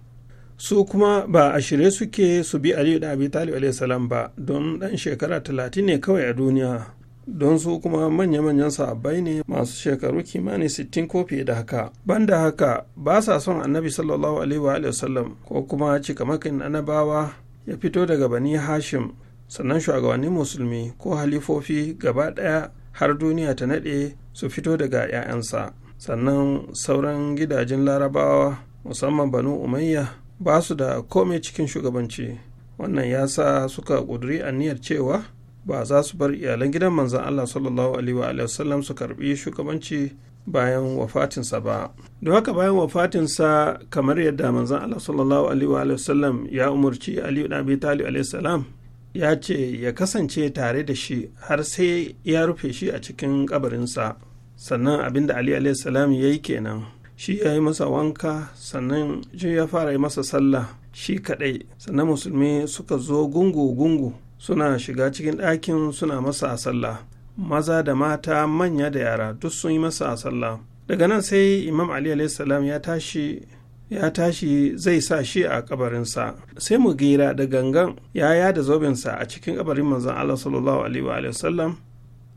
su kuma ba a shirye suke su bi aliyu da abi talib salam ba don dan shekara talatin ne kawai a duniya don su kuma manya-manyan sahabbai ne masu shekaru kimanin sittin ko fiye da haka Ban da haka ba sa son annabi sallallahu alaihi wa sallam ko kuma cikamakin annabawa ya fito daga bani hashim sannan shugabannin musulmi ko halifofi gaba ɗaya har duniya ta nade su fito daga 'ya'yansa sannan sauran gidajen larabawa musamman banu umayya ba su da komai cikin shugabanci wannan ya sa suka ƙuduri aniyar cewa ba za su bar iyalan gidan manzan Allah sallallahu alaihi wa su karbi shugabanci bayan wafatinsa ba don haka bayan wafatinsa kamar yadda manzan Allah sallallahu alaihi wa ya umarci Aliyu da Abi Talib alaihi salam ya ce ya kasance tare da shi har sai ya rufe shi a cikin kabarinsa sannan abinda Ali alaihi salam yayi kenan shi ya yi masa wanka sannan shi ya fara yi masa sallah shi kaɗai sannan musulmi suka zo gungu-gungu suna shiga cikin ɗakin suna masa sallah maza da mata manya da yara duk sun yi masa sallah daga nan sai imam ali salam ya tashi ya tashi zai sa shi a kabarinsa sai mu gira da gangan ya yada zobinsa a cikin kabarin manzan allah sallallahu alaihi wa sallam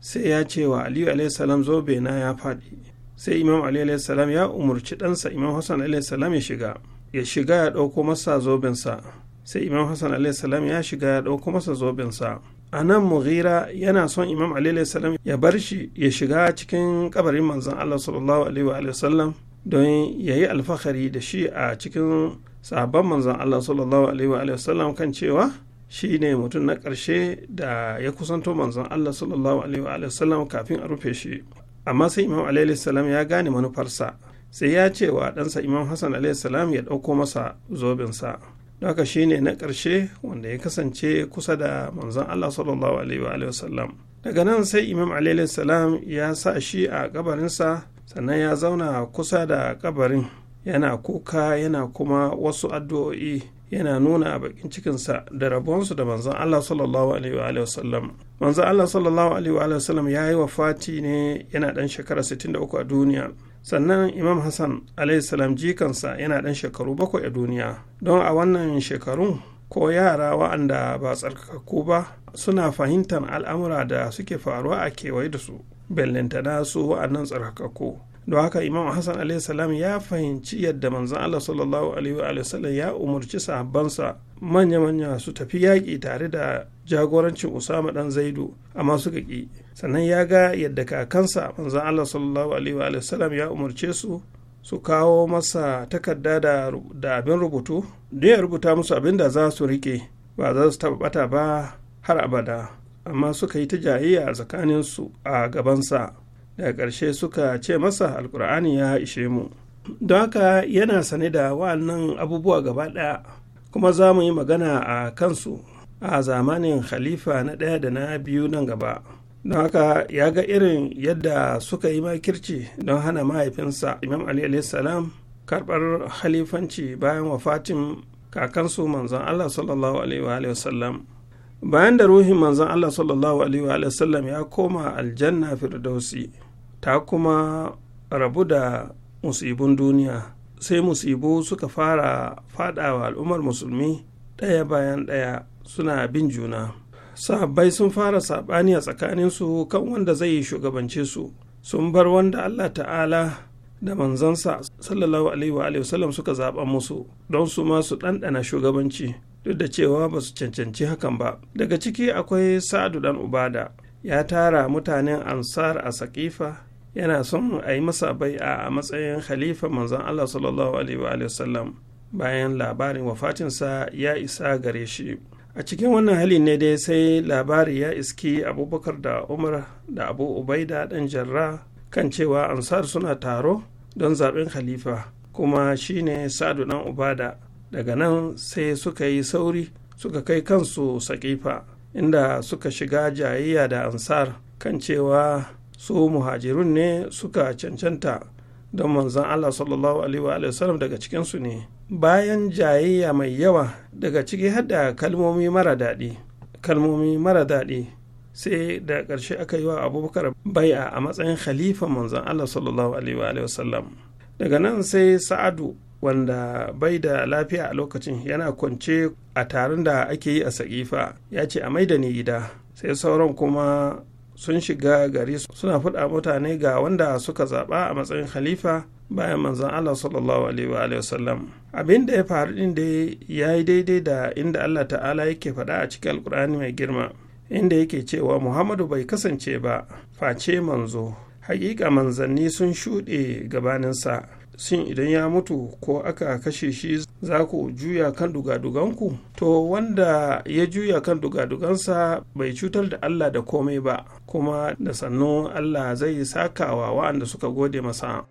sai ya ce wa aliyu alaihi zobe na ya faɗi sai imam ali salam ya umarci ɗansa imam hassan salam ya shiga ya shiga ya ɗauko masa zobinsa sai imam hassan salam ya shiga ya ɗauko masa zobinsa a nan mughira yana son imam salam ya bar shi ya shiga cikin kabarin manzan allah sallallahu alaihi wa sallam don ya yi alfahari da shi a cikin sabon manzan allah sallallahu alaihi wa sallam kan cewa shi ne mutum na ƙarshe da ya kusanto manzan allah sallallahu alaihi wa sallam kafin a rufe shi amma sai imam alaihi ya gane manufarsa sai ya ce wa ɗansa imam hassan alaihi ya ɗauko masa zobinsa don haka ne na ƙarshe wanda ya kasance kusa da manzon allah sallallahu alaihi wa daga nan sai imam alaihi ya sa shi a kabarinsa sannan ya zauna kusa da kabarin yana kuka yana kuma wasu addu'o'i yana nuna a bakin cikinsa da rabonsu da manzan Allah sallallahu alaihi wa sallam manzan Allah sallallahu alaihi wa sallam ya yi wafati ne yana ɗan shekara 63 a duniya sannan imam hassan alaihi jikansa yana ɗan shekaru bakwai a duniya don a wannan shekarun ko yara wa'anda ba tsarkakakku ba suna fahimtar al'amura da suke faruwa a kewaye da su bellantana su wa'annan tsarkakakku don haka imam hassan alaihi ya fahimci yadda manzan allah sallallahu alaihi wa sallam ya umarci sahabbansa manya-manya su tafi yaƙi tare da jagorancin usama dan zaidu amma suka ƙi sannan ya ga yadda kakansa manzan allah sallallahu alaihi wa sallam ya umarce su su kawo masa takarda da abin rubutu don ya rubuta musu abin da za su riƙe ba za su taɓa ɓata ba har abada amma suka yi ta jayayya a tsakaninsu a gabansa daga ƙarshe suka ce masa alkur'ani ya ishe mu don haka yana sane da wa'annan abubuwa gaba ɗaya kuma za mu yi magana a kansu a zamanin khalifa na ɗaya da na biyu nan gaba don haka ya ga irin yadda suka yi makirci don hana mahaifinsa imam ali salam karɓar halifanci bayan wafatin kakansu manzon allah sallallahu alaihi sallam bayan da ruhin manzon allah sallallahu alaihi sallam ya koma aljanna firdausi ta kuma rabu da musibin duniya sai musibu suka fara fadawa al'ummar musulmi ɗaya bayan ɗaya suna bin juna sahabbai sun fara saɓani a tsakaninsu kan wanda zai yi shugabance su sun bar wanda allah ta'ala da manzansa sallallahu alaihi wa sallam suka zaɓa musu don su ma su ɗanɗana shugabanci duk da cewa ba su cancanci hakan ba daga ciki akwai sa'adu dan ubada ya tara mutanen ansar a saƙifa yana son a yi masa bai'a a matsayin khalifa manzon Allah sallallahu alaihi wa sallam bayan labarin wafatinsa ya isa gare shi a cikin wannan hali ne dai sai labari ya iski abubakar da umar da abu ubaida ɗan jarra kan cewa ansar suna taro don zaɓen khalifa kuma shine sa'adu dan ubada daga nan sai suka yi sauri suka kai kansu sakifa inda suka shiga jayayya da ansar kan cewa su muhajirun ne suka cancanta don manzan allah sallallahu alaihi wasallam daga cikinsu ne bayan jayayya mai yawa daga ciki hada kalmomi mara daɗi kalmomi mara daɗi sai da ƙarshe aka yi wa abubakar bai'a a matsayin khalifa manzan allah sallallahu alaihi wasallam daga nan sai sa'adu wanda bai da lafiya a lokacin yana kwance a taron da ake yi a sa'ifa ya ce a maida ni gida sai sauran kuma sun shiga gari suna faɗa mutane ga wanda suka zaɓa a matsayin khalifa bayan manzon Allah sallallahu alaihi wasallam abin da ya faru din da ya yi daidai da inda Allah ta'ala yake faɗa a cikin alkur'ani mai girma inda yake cewa Muhammadu bai kasance ba face manzo hakika manzanni sun shuɗe gabaninsa shin idan ya mutu ko aka kashe shi za ku juya kan dugaduganku to wanda ya juya kan dugadugansa bai cutar da allah da komai ba kuma da sannu allah zai sakawa wa'anda suka gode masa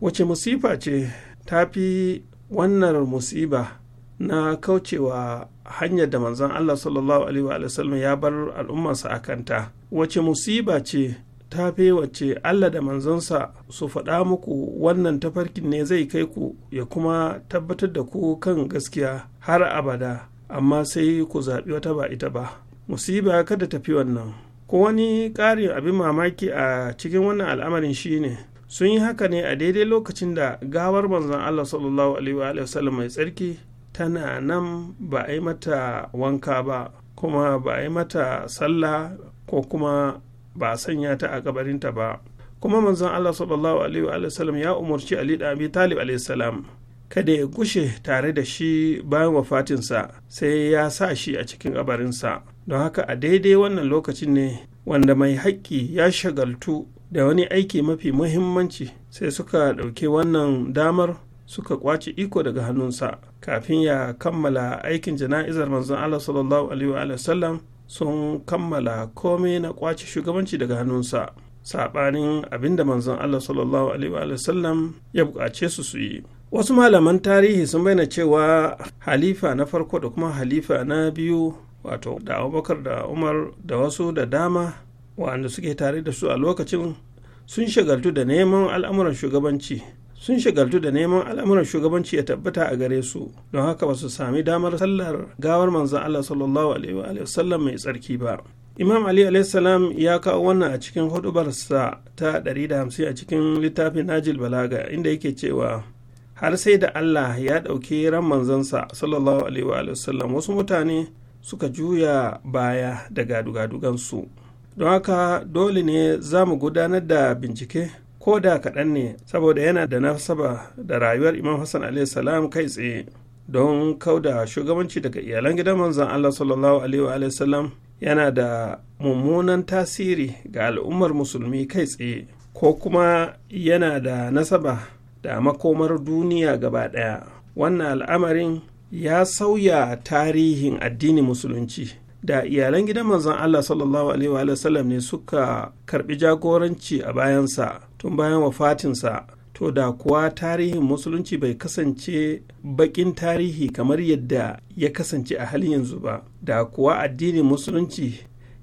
wace musifa ce ta fi wannan musiba na kaucewa hanyar da manzon Allah sallallahu alaihi wa sallam ya bar al'ummarsa a kanta wace musiba ce ta fi wace Allah da manzonsa su faɗa muku wannan tafarkin ne zai kai ku ya kuma tabbatar da ku kan gaskiya har abada amma sai ku zaɓi wata ba ita ba musiba kada tafi wannan ko wani ƙarin abin mamaki a cikin wannan al'amarin shine sun yi haka ne a daidai lokacin da gawar manzon Allah sallallahu alaihi wa sallam mai tsarki tana nan ba a yi mata wanka ba kuma ba a yi mata sallah ko kuma ba a sanya ta a kabarinta ba kuma manzon Allah sallallahu alaihi wa sallam ya umarci Ali da Abi Talib alaihi salam kada ya gushe tare da shi bayan wafatinsa sai ya sa shi a cikin kabarinsa don haka a daidai wannan lokacin ne wanda mai haƙƙi ya shagaltu da wani aiki mafi muhimmanci sai suka ɗauki wannan damar suka kwace iko daga hannunsa kafin ya kammala aikin jana'izar manzon Allah sallallahu alaihi sallam sun kammala komai na kwace shugabanci daga hannunsa saɓanin abinda manzon Allah sallallahu alaihi sallam ya buƙace su su yi wasu malaman tarihi sun bayyana cewa halifa na farko da kuma halifa na biyu wato da abubakar da umar da wasu da dama waɗanda suke tare da su a lokacin sun shagaltu da neman al'amuran shugabanci sun shagaltu da neman al'amuran shugabanci ya tabbata a gare su don haka ba su sami damar sallar gawar manzan Allah sallallahu alaihi sallam mai tsarki ba imam ali salam ya kawo wannan a cikin hudubarsa ta 150 a cikin littafin najil balaga inda yake cewa har sai da Allah ya ɗauki ran manzansa sallallahu alaihi sallam wasu mutane suka juya baya daga su don haka dole ne za mu gudanar da bincike ko da kaɗan ne saboda yana da nasaba da rayuwar imam hassan salam kai tsaye don kauda shugabanci daga iyalan gidan manzon allah sallallahu alaihi wa sallam yana da mummunan tasiri ga al'ummar musulmi kai tsaye ko kuma yana da nasaba da makomar duniya gaba ɗaya wannan al'amarin ya sauya tarihin addinin musulunci da iyalan gidan manzon Allah sallallahu alaihi wa sallam ne suka karbi jagoranci a bayansa tun bayan wafatinsa to da kuwa tarihin musulunci bai kasance bakin tarihi kamar yadda ya kasance a halin yanzu ba da kuwa addinin musulunci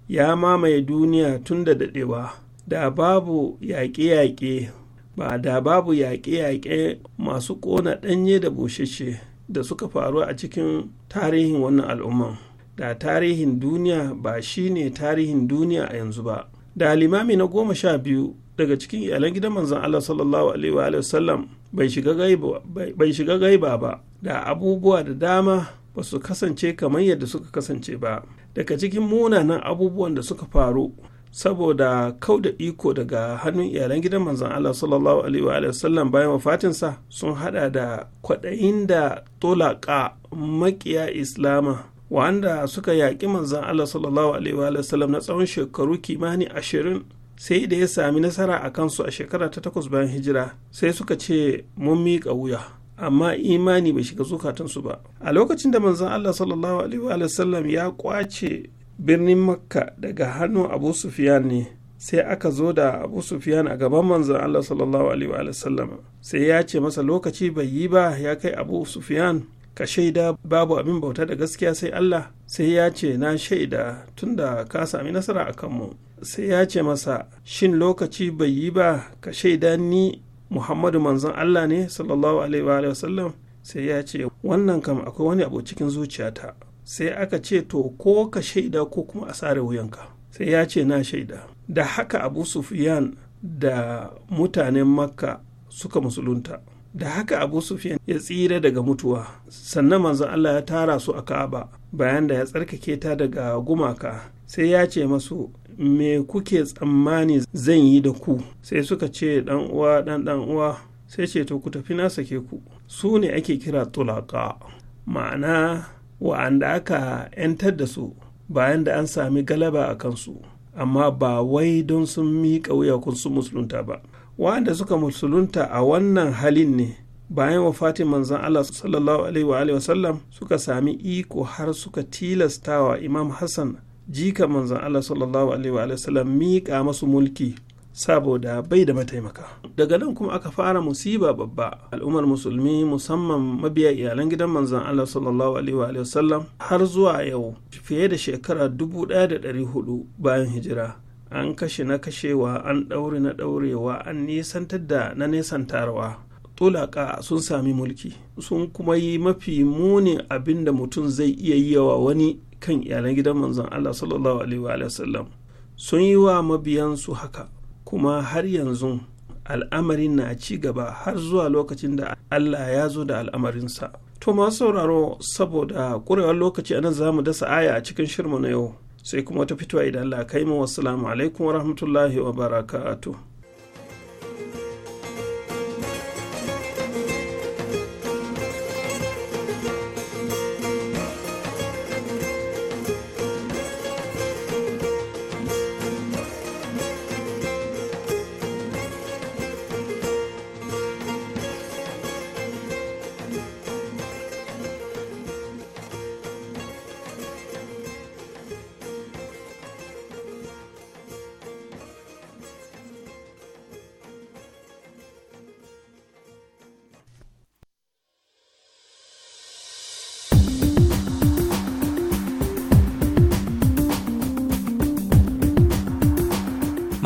ya mamaye duniya tun da dadewa da babu yaƙe-yaƙe ba da babu yaƙe-yaƙe masu ƙona ɗanye da bushashe da suka faru a cikin tarihin wannan al'umman. da tarihin duniya ba shi ne tarihin duniya a yanzu ba da limami na goma sha biyu daga cikin iyalan gidan manzon Allah sallallahu alaihi wa sallam bai shiga gaiba ba da abubuwa da dama ba su kasance kamar yadda suka kasance ba daga cikin munanan abubuwan da suka faru saboda kau da iko daga hannun iyalan gidan manzon Allah sallallahu alaihi wa sallam bayan wafatinsa sun hada da kwaɗayin da tolaka makiya islama wanda suka yaƙi manzan Allah sallallahu alaihi wa sallam na tsawon shekaru kimani ashirin sai da ya sami nasara a kansu a shekara ta takwas bayan hijira sai suka ce mun miƙa wuya amma imani bai shiga zukatansu ba a lokacin da manzan Allah sallallahu alaihi wa sallam ya kwace birnin makka daga hannun abu sufiyan ne sai aka zo da abu sufiyan a gaban manzan Allah sallallahu alaihi wa sallam sai ya ce masa lokaci bai yi ba ya kai abu sufiyan ka shaida babu abin bauta da gaskiya sai Allah sai ya ce na shaida tun da ka sami nasara a kanmu sai ya ce masa shin lokaci bai yi ba ka shaida ni Muhammadu manzon Allah ne sallallahu alaihi wa sallam sai ya ce wannan kam akwai wani abu cikin zuciyata sai aka ce to ko ka shaida ko kuma a sare wuyanka sai ya ce na shaida da haka Abu sufiyan da mutanen Makka suka musulunta da haka abu sufyan ya tsira daga mutuwa sannan manzon allah ya tara su a ka'aba bayan da ya tsarkake ta daga gumaka sai ya ce masu me kuke tsammani zan yi da ku sai suka ce dan uwa dan dan uwa sai ce to ku tafi na sake ku su ne ake kira tulaka ma'ana wa'anda aka 'yantar da su bayan da an sami galaba a kansu amma ba wai don sun miƙa wuyakun su musulunta ba wa'anda suka musulunta a wannan halin ne bayan wafatin manzan Allah sallallahu alaihi wa sallam suka sami iko har suka tilastawa Imam Hassan jika manzan Allah sallallahu alaihi wa sallam miƙa masu mulki saboda bai da mataimaka daga nan kuma aka fara musiba babba al'ummar musulmi musamman mabiya iyalan gidan manzan Allah sallallahu alaihi wa sallam har zuwa yau fiye da shekara 1400 bayan hijira an kashe na kashewa an ɗaure na ɗaurewa an nisantar da na nesantarwa tulaka sun sami mulki sun kuma yi mafi munin abin da mutum zai iya yi wa wani kan iyalan gidan manzon Allah sallallahu alaihi wa sun yi wa mabiyansu haka kuma har yanzu al'amarin na ci gaba har zuwa lokacin da Allah ya zo da al'amarinsa. To masu sauraro saboda ƙurewar lokaci a nan za mu dasa aya a cikin shirmu na yau sai kuma ta fitowa idan Allah kai mu wasu alaikum wa rahmatullahi wa barakatuh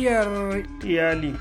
tarbiyyar iyali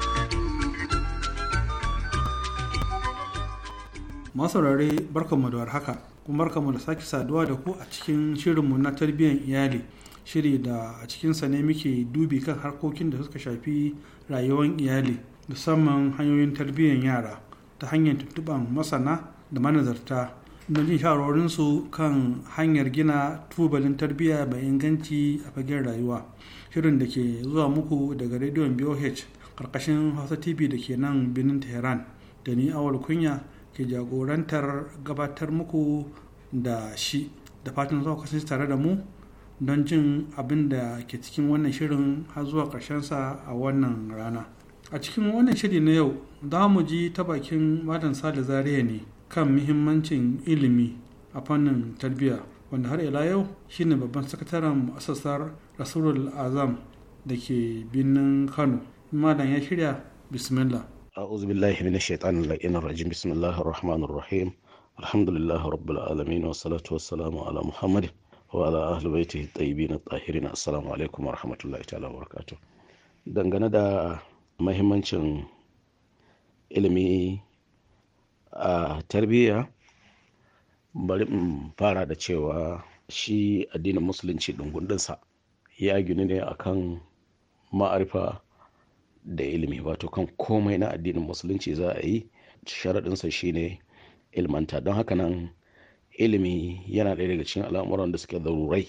masaurare barkanmu da warhaka kuma barkanmu da sake saduwa da ku a cikin shirinmu na tarbiyyar iyali shiri da a cikinsa ne muke dubi kan harkokin da suka shafi rayuwar iyali musamman hanyoyin tarbiyyar yara ta hanyar tuntuɓar masana da manazarta don jin shawarwarinsu kan hanyar gina tubalin tarbiyya mai inganci a fagen rayuwa shirin da ke zuwa muku daga rediyon BOH karkashin Hausa TV da ke nan birnin Tehran da ni awal kunya ke jagorantar gabatar muku da shi da fatan zuwa kasance tare da mu don jin abin da ke cikin wannan shirin har zuwa sa a wannan rana a cikin wannan shiri na yau za mu ji ta bakin madan sada zariya ne kan muhimmancin ilimi a fannin tarbiyya wanda har ila yau shine babban sakataren mu'assasar rasulul azam da ke birnin kano malam ya shirya bismillah أعوذ بالله من الشيطان اللعين الرجيم بسم الله الرحمن الرحيم الحمد لله رب العالمين والصلاة والسلام على محمد وعلى أهل بيته الطيبين الطاهرين السلام عليكم ورحمة الله تعالى وبركاته dangane da mahimmancin ilimi a tarbiyya bari in fara da cewa shi addinin musulunci gudunsa. ya gini ne akan ma'arifa da ilimi wato kan komai na addinin musulunci za a yi sharaɗinsa shine ilmanta don haka nan ilimi yana ɗaya daga cikin al'amuran da suke zarurai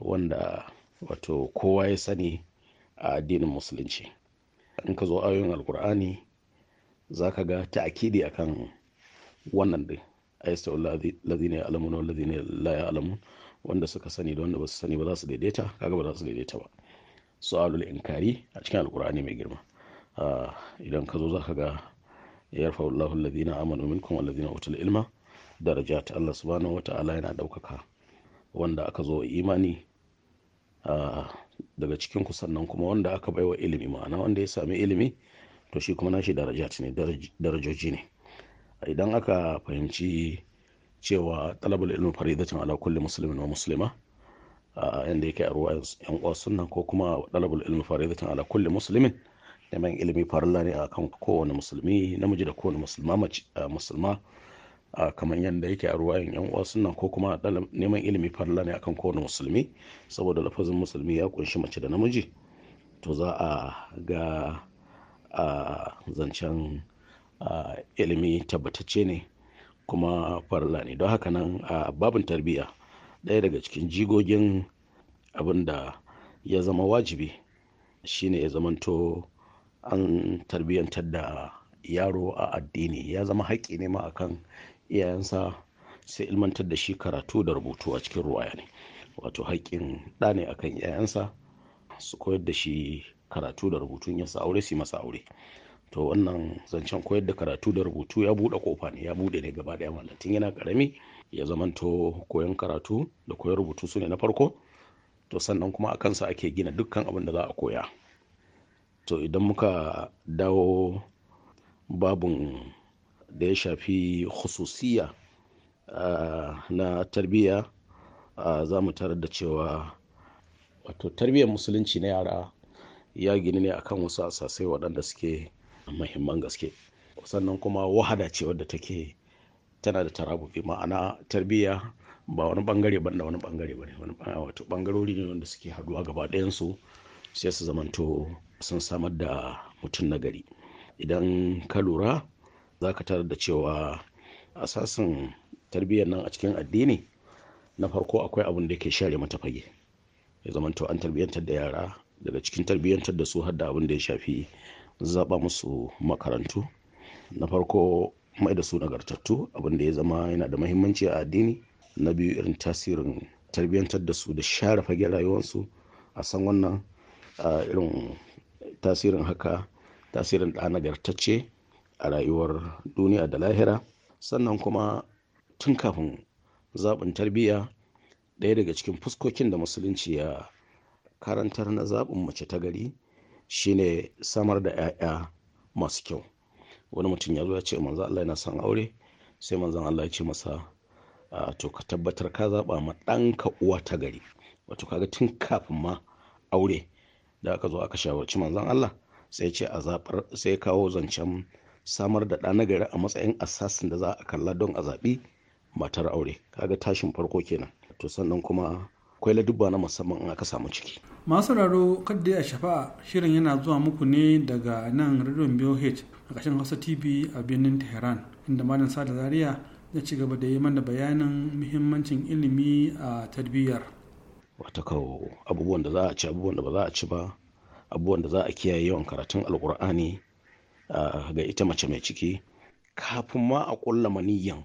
wanda wato kowa ya sani a addinin musulunci in ka zo ayoyin alkur'ani za ka ga ta'akidi akan wannan din ayyastawa lazina ne alamun wani alamun wanda suka sani da wanda ba su sani ba za su daidaita kaga ba za su daidaita ba su su'alul inkari a cikin alkur'ani mai girma ah, idan ka zo za ka ga yarfa Allahu alladhina amanu minkum alladhina utul ilma darajat Allah subhanahu wata'ala yana daukaka wanda aka zo imani ah, daga cikin ku sannan kuma wanda aka baiwa ilimi ma'ana wanda ya sami ilimi to shi kuma nashi darajat ne darajoji ne idan aka fahimci cewa talabar ilmi faridatun ala kulli musulmin wa muslima yadda yake a ruwa yan uwa sunna ko kuma talabar ilmi faridatun ala kulli musulmin neman ilimi farilla ne kan kowane musulmi namiji da kowane musulma musulma kamar yadda yake a ruwa yan uwa sunna ko kuma neman ilimi farilla ne kan kowane musulmi saboda lafazin musulmi ya kunshi mace da namiji to za a ga a zancen ilimi tabbatacce ne kuma farla ne don haka nan a babin tarbiyya ɗaya daga cikin jigogin abin da ya zama wajibi shine ya zamanto an tarbiyyantar da yaro a addini ya zama haƙƙi ne ma akan iyayensa sai ilmantar da shi karatu da rubutu a cikin ruwaya ne wato haƙƙin ɗa ne akan iyayensa su koyar da shi karatu da rubutun yasa aure su masa aure to wannan zancen koyar da karatu da rubutu ya buɗe kofa ne ya buɗe ne gaba ɗaya wanda tun yana karami ya zamanto koyon karatu da koyar rubutu su ne na farko to sannan kuma a kansa ake gina dukkan abin da za a koya to idan muka dawo babun da ya shafi hususiyya ah, na tarbiyya ah, za mu tarar da cewa wato tarbiyyar musulunci na yara ya gini ne akan wasu asasai waɗanda suke muhimman gaske sannan kuma wahada ce wadda take tana da tarabufi ma'ana tarbiyya ba wani bangare ban da wani bangare ba ne wani wato bangarori ne wanda suke haduwa gaba ɗayansu sai su zamanto sun samar da mutum na gari idan ka lura za ka tarar da cewa asasin tarbiyyar nan a cikin addini na farko akwai abin da ke share mata fage ya zamanto an tarbiyyantar da yara daga cikin tarbiyyantar da su har da abin da ya shafi zaɓa musu makarantu na farko mai da su nagartattu abinda ya zama yana da mahimmanci a addini na biyu irin tasirin tarbiyyantar da su da share fage rayuwarsu a san wannan irin tasirin haka tasirin da nagartacce a rayuwar duniya da lahira sannan kuma tun kafin zaɓin tarbiyya ɗaya daga cikin fuskokin da musulunci ya karantar na zaɓin mace ta gari shine samar da 'ya'ya masu kyau wani mutum ya zo ya ce manzan Allah yana son aure sai manzan Allah ya ce masa to ka tabbatar ka zaɓa ma ɗanka uwa ta gari wato kaga tun kafin ma aure da aka zo aka shawarci manzan Allah sai ce a zabar sai kawo zancen samar da ɗa nagari a matsayin asasin da za a kalla don a zaɓi matar aure kaga tashin farko kenan to sannan kuma akwai ladubba na musamman in aka samu ciki masu raro kaddai a shafa shirin yana zuwa muku ne daga nan radion boh a ƙarshen hausa tv a birnin tehran inda malam sada zaria ya ci gaba da yi mana bayanin muhimmancin ilimi a tarbiyyar wata kawo abubuwan da za a ci abubuwan da ba za a ci ba abubuwan da za a kiyaye yawan karatun alkur'ani ga ita mace mai ciki kafin ma a kulla maniyan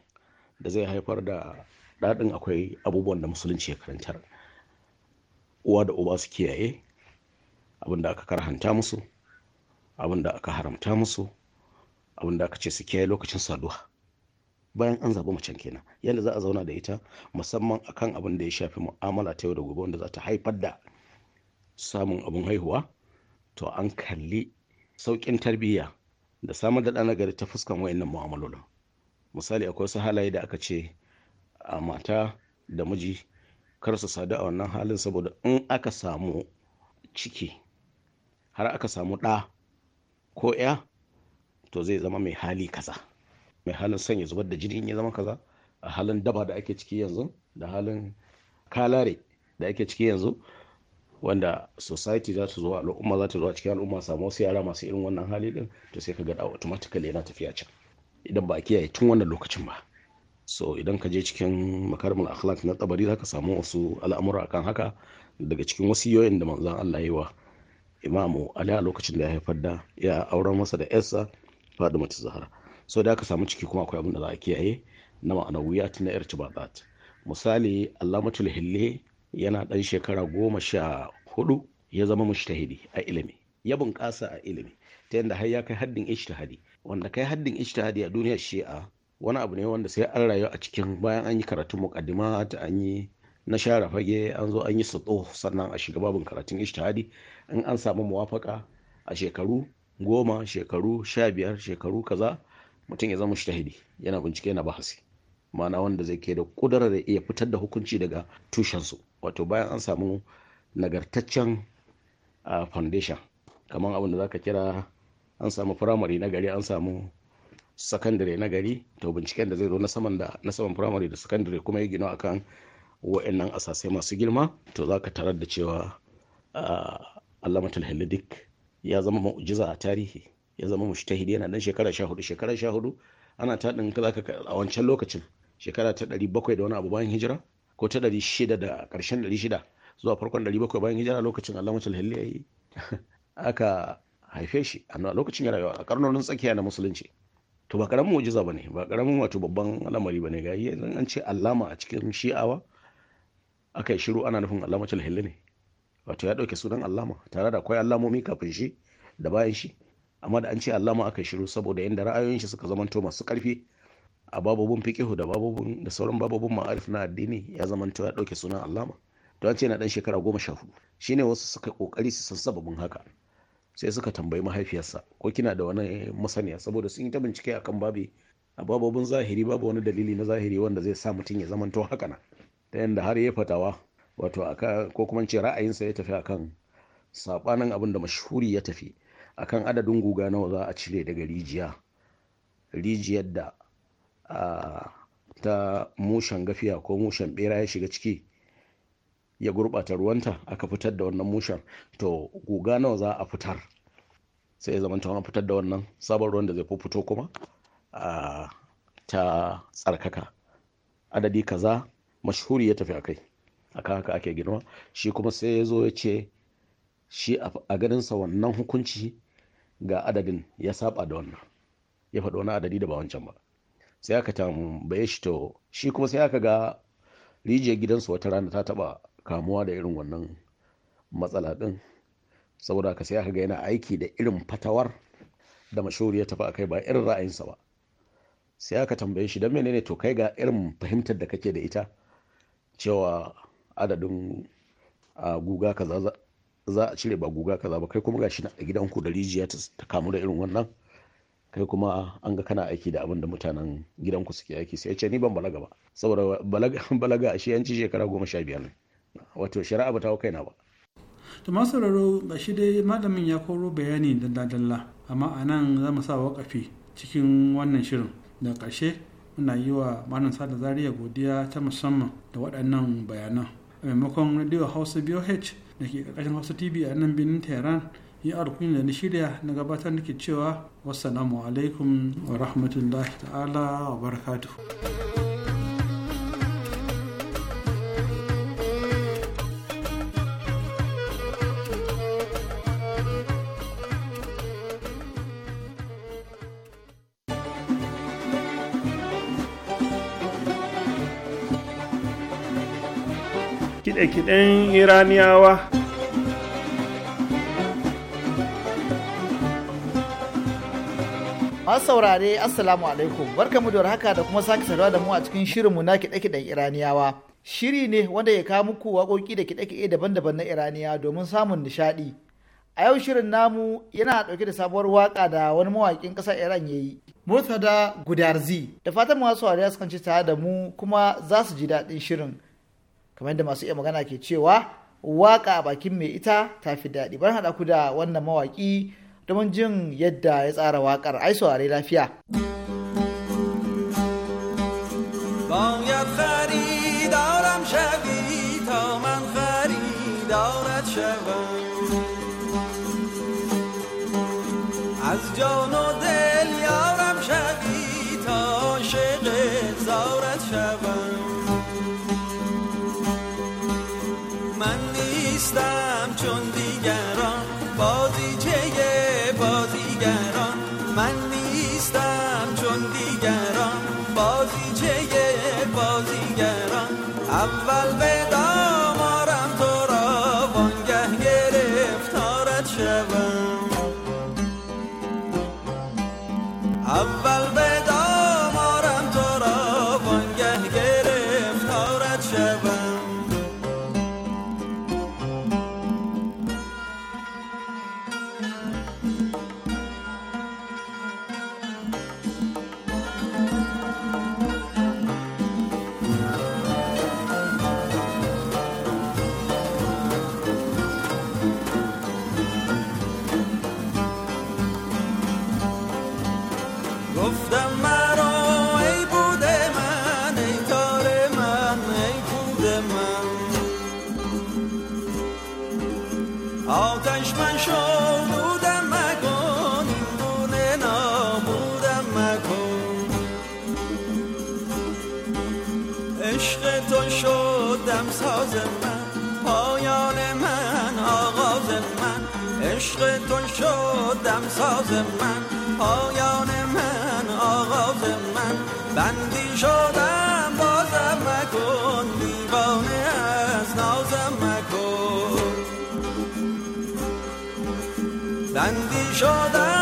da zai haifar da daɗin akwai abubuwan da musulunci ya karantar uwa da uba su kiyaye abin da aka karhanta musu abin da aka haramta musu abin da aka ce su kiyaye lokacin saduwa bayan an zaɓi macen kenan yadda za a zauna da ita musamman a kan abin da ya shafi mu'amala ta yau da gobe wanda za ta haifar da samun abin haihuwa to an kalli sauƙin tarbiyya da samar da ɗana gari ta fuskan wayannan mu'amalolin misali akwai wasu halaye da aka ce a mata da miji kar su sadu a wannan halin saboda in aka samu ciki har aka samu ɗa ko ya to zai zama mai hali kaza mai halin son ya zubar da jini ya zama kaza a halin daba da ake ciki yanzu da halin kalare da ake ciki yanzu wanda society za ta zo al'umma za ta zo a cikin al'umma samu wasu yara masu irin wannan hali din to sai ka ga automatically yana tafiya can idan ba a kiyaye tun wannan lokacin ba so idan ka je cikin makarmar akhlaq na tabari ka samu wasu al'amura akan haka daga cikin wasu yoyin da manzan Allah yi wa imamu ali a lokacin da ya haifar da ya auren masa da yarsa fadima ta zahara so da ka samu ciki kuma akwai abin da za a kiyaye na ma'ana wuya ma'anawiyat na yar badat misali allamatul hille yana dan shekara goma sha hudu ya zama mushtahidi a ilimi ya bunƙasa a ilimi ta yadda har ya kai haddin ijtihadi wanda kai haddin ijtihadi a duniyar shi'a wani abu ne wanda sai an rayu a cikin bayan an yi karatun mukaddima ta an yi na share fage an zo an yi sato sannan a shiga babin karatun ishtihadi in an samu muwafaka a shekaru goma shekaru sha biyar shekaru kaza mutum ya zama shahidi yana bincike yana bahasi ma'ana wanda zai ke da kudurar da iya fitar da hukunci daga tushensu wato bayan an samu nagartaccen ah, foundation kamar abin da za ka kira an samu firamare na gari an samu sakandare na gari to binciken da zai zo na saman da na saman primary da sakandare kuma ya gina akan wa'annan asasai masu girma to za ka tarar da cewa alamatul dik ya zama ma'ujiza a tarihi ya zama mushtahidi yana dan shekara 14 shekara 14 ana taɗin ka a wancan lokacin shekara ta 700 da wani abu bayan hijira ko ta 600 da ƙarshen 600 zuwa farkon 700 bayan hijira lokacin ya yi aka haife shi a lokacin ya rayuwa a karnonin tsakiya na musulunci to ba karamin mu'jiza bane ba karamin wato babban al'amari bane ga yanzu an ce alama a cikin shi'awa aka yi shiru ana nufin alama hilli ne wato ya dauke sunan alama tare da akwai alamomi kafin shi da bayan shi amma da an ce alama aka yi shiru saboda inda ra'ayoyin shi suka zamanto masu karfi a babobin fiqihu da babobin da sauran babobin ma'arif na addini ya zamanto ya dauke sunan alama to an ce na dan shekara goma sha hudu shine wasu suka kokari su san sababin haka sai suka tambayi mahaifiyarsa ko kina da wani masaniya saboda sun yi ta bincike akan babi a bababin zahiri babu wani dalili na zahiri wanda zai sa mutum ya zamanto haka na ta yadda har ya fatawa wato aka ko kuma ce ra'ayinsa ya tafi akan sabanin abin da mashhuri ya tafi akan adadin guga nawa za a cire daga rijiya rijiyar da ta mushen gafiya ko mushen bera ya shiga ciki ya gurbata ruwanta aka fitar da wannan mushen to guga nawa za a fitar sai ya zama an fitar da wannan sabon ruwan da zai fito kuma a ta tsarkaka adadi kaza mashhuri ya tafi a kai aka haka ake girma shi kuma sai ya zo ya ce shi a ganinsa wannan hukunci ga adadin ya saba da wannan ya faɗi wani adadi da ba wancan ba sai aka tambaye shi to shi kuma sai aka ga rijiyar gidansu wata rana ta taba kamuwa da irin wannan matsala din saboda ka sai aka ga yana aiki da irin fatawar da mashuri ya tafi a kai ba irin ra'ayinsa ba sai aka tambaye shi don menene to kai ga irin fahimtar da kake da ita cewa adadin a guga kaza za a cire ba guga kaza ba kai kuma ga shi na ku da rijiya ta kamu da irin wannan kai kuma an ga kana aiki da abin da mutanen ku suke aiki sai ya ce ni ban balaga ba saboda balaga a shi yanci shekara goma sha biyar ne wato shari'a ba ta hau kaina ba to masu raro ga shi dai malamin ya koro bayani da dalla amma a nan za mu sa wakafi cikin wannan shirin da ƙarshe muna yi wa malam sada zariya godiya ta musamman da waɗannan bayanan a maimakon radio hausa boh da ke ƙarƙashin hausa tv a nan birnin tehran yi arkunin da na shirya na gabatar da ke cewa wassalamu alaikum wa rahmatullahi ta'ala wa barakatuhu kiɗe-kiɗen iraniyawa masu saurare assalamu alaikum barkamu da haka da kuma sake saduwa da mu a cikin shirinmu na kiɗe-kiɗen iraniyawa shiri ne wanda ya kawo muku waƙoƙi da kiɗe-kiɗe daban-daban na iraniya domin samun nishaɗi a yau shirin namu yana ɗauke da sabuwar waƙa da wani mawaƙin ƙasar iran ya yi murtada gudarzi da fatan masu saurare su kan ci tare da mu kuma za su ji daɗin shirin kamar yadda masu iya magana ke cewa waka a bakin mai ita ta fi daɗi bar haɗa ku da wannan mawaƙi domin jin yadda ya tsara waƙar ai saurari lafiya. ساز من پایان من آغاز من بندی شدم بازم مکن دیوانه از نازم مکن بندی شدم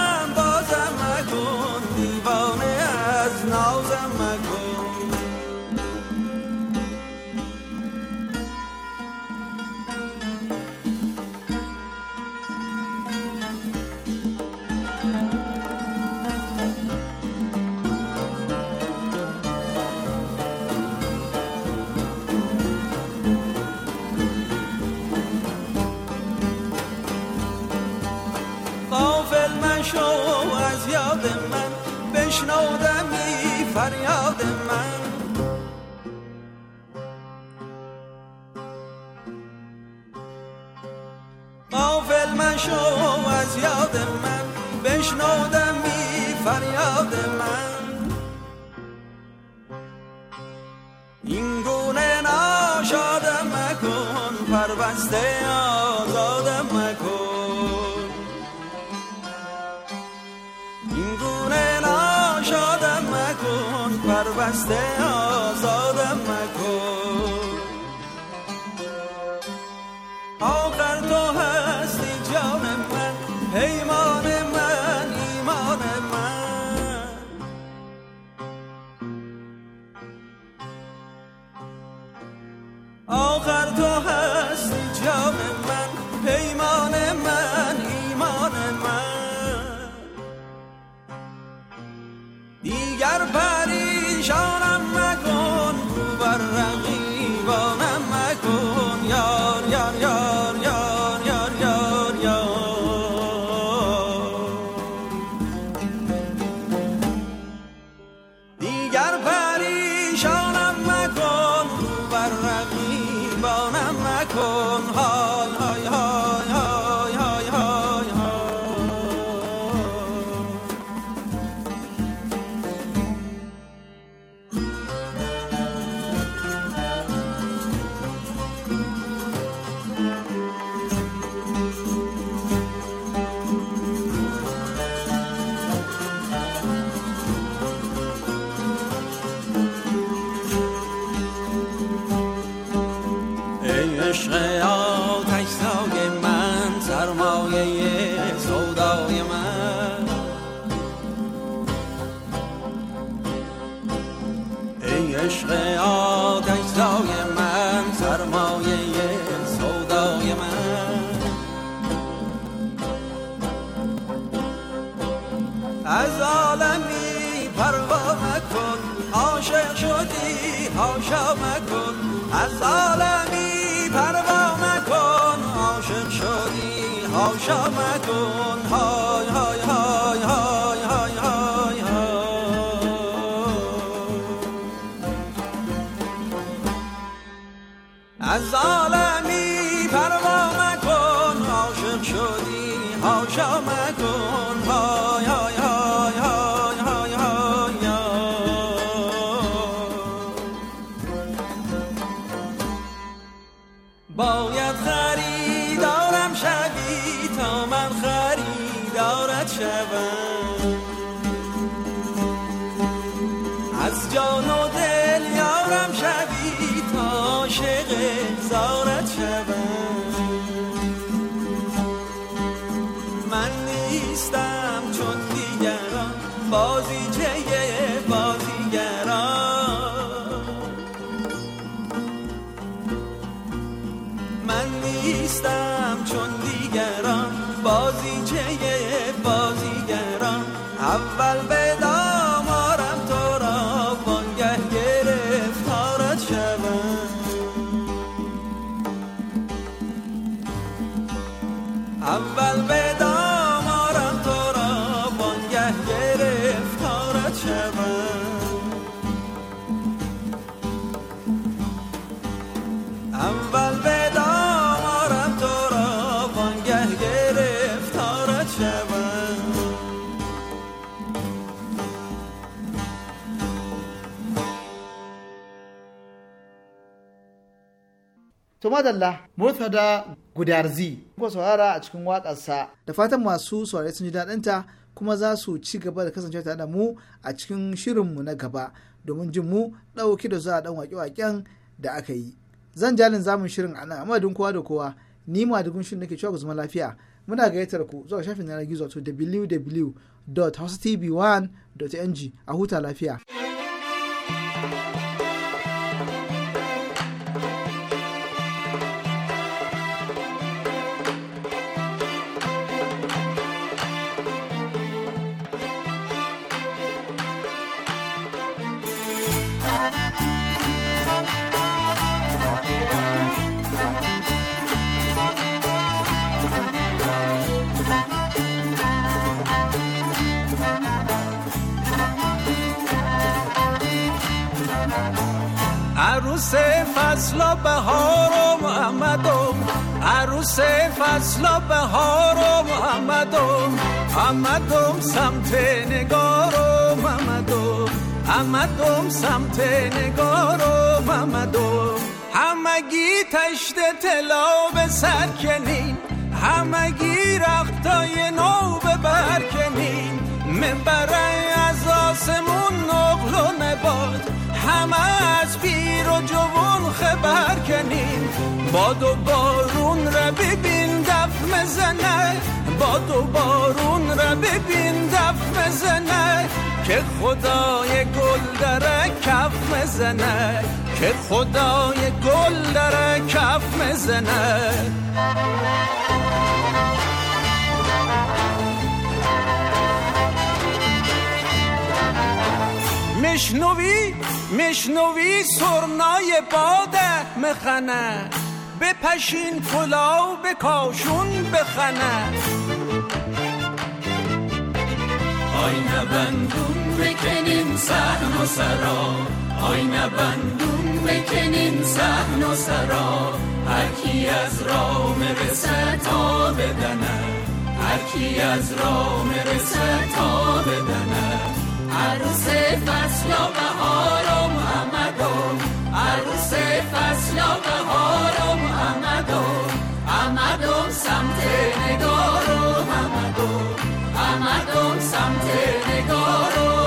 شو از یاد من بشنودم می فریاد من این گونه ناشاد مکن پربسته آزاد مکن این گونه ناشاد مکن پربسته آزاد اسلام من پیمان من ایمان من دیگر پری از عالمی پروا مکن عاشق شدی هاشا مکن از عالمی پروا مکن عاشق شدی هاشا مکن madalla murtada gudarzi ko saurara a cikin waƙarsa da fatan masu saurari sun ji daɗinta kuma za su ci gaba da kasance tare da mu a cikin shirinmu na gaba domin jin mu ɗauki da zuwa ɗan waƙe-waƙen da aka yi zan jalin zamun shirin a nan amma kowa da kowa ni ma da gunshin nake cewa ku zama lafiya muna gayyatar ku zuwa shafin yanar gizo to www.housetv1.ng a huta lafiya. عروس فصل بهار محمدم عروس فصل بهار محمدم محمدم سمت نگار محمدم محمدم سمت نگار محمدم همگی تشت طلا به سر کنین همگی رختای نو به کنین منبرن جوون خبر کنیم باد و بارون را ببین دف مزنه باد و بارون را ببین دف مزنه که خدای گل داره کف مزنه که خدای گل داره کف مزنه مشنوی مشنوی سرنای باده مخنه پشین کلاو به کاشون بخنه آی نبندون بکنیم سحن و سرا آی نبندون بکنیم سحن و سرا هرکی از را مرسه تا بدنه هرکی از را مرسه تا بدنه عروس فصل و بهار و محمدم عروس فصل و بهار و محمدم و سمت نگار و محمدم و سمت نگار و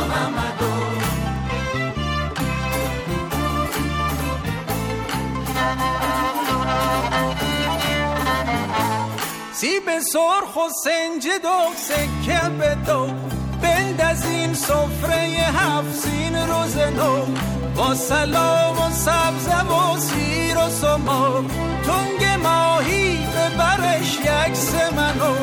سیب سرخ و سنج دو سکه به دو بندازیم سفره هفزین روز نو با سلام و سبزم و سیر و سما تنگ ماهی به برش یکس منو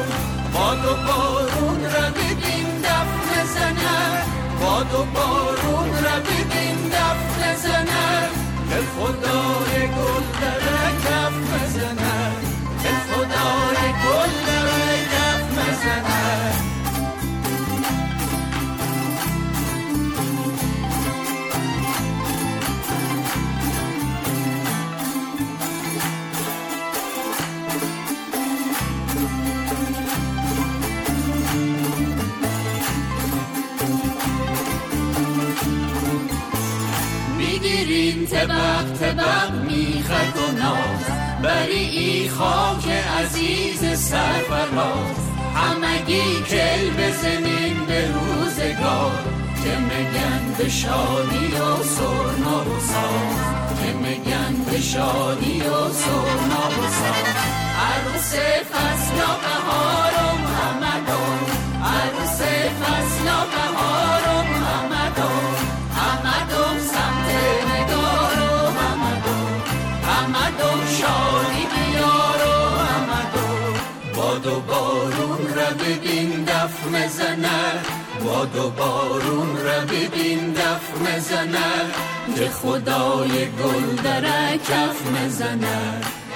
باد و بارون را بگیم دف نزنن باد و بارون را بگیم دف به خدای گل دره کف بزنن به خدای گل تبق تبق میخک و ناز بری ای خاک عزیز سرفراز همگی کل بزنین به روزگار که مگن به شادی و سرنا و ساز که مگن به شادی و سرنا و ساز عروس و ببین دف مزنه باد و بارون را ببین دف مزنه که خدای گل داره کف مزنه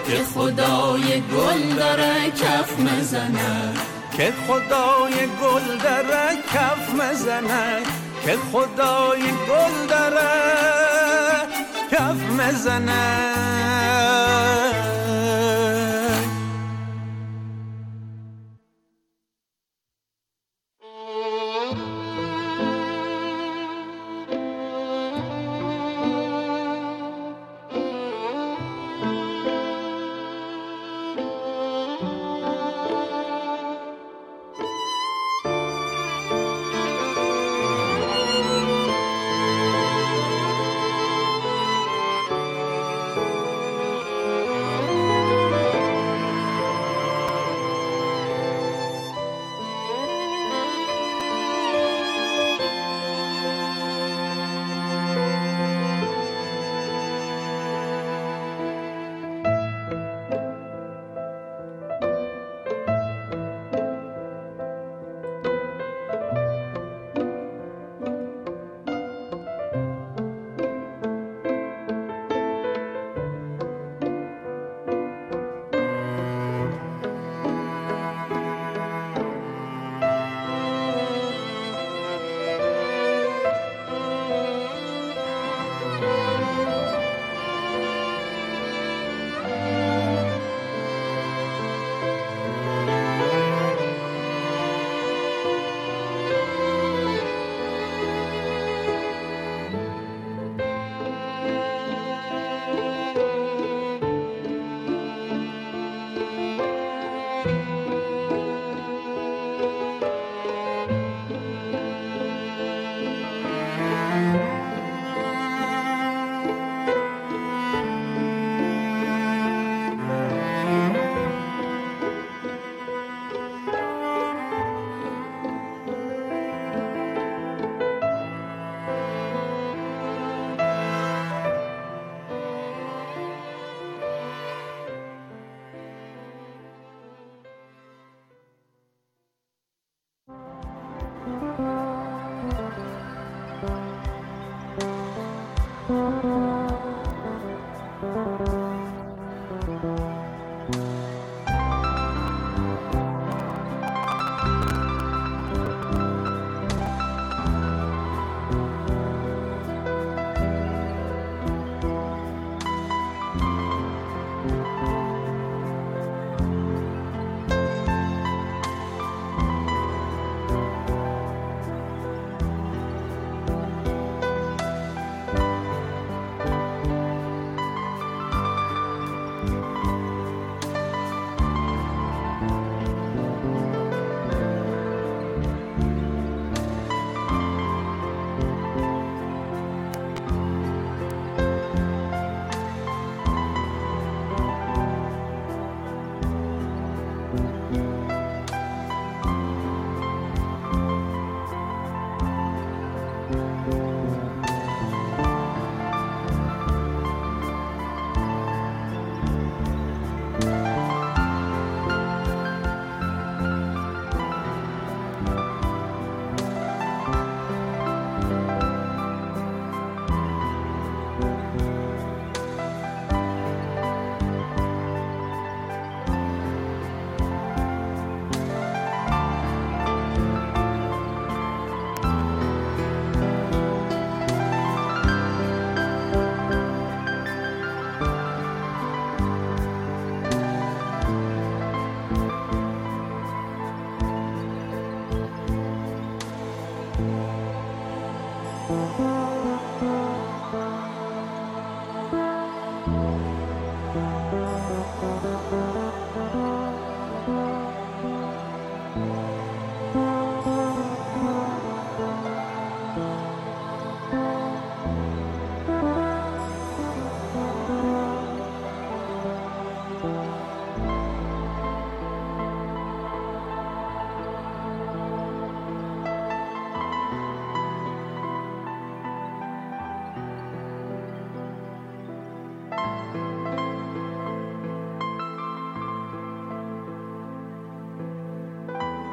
که خدای گل داره کف مزنه که خدای گل داره کف مزنه که خدای گل داره کف مزنه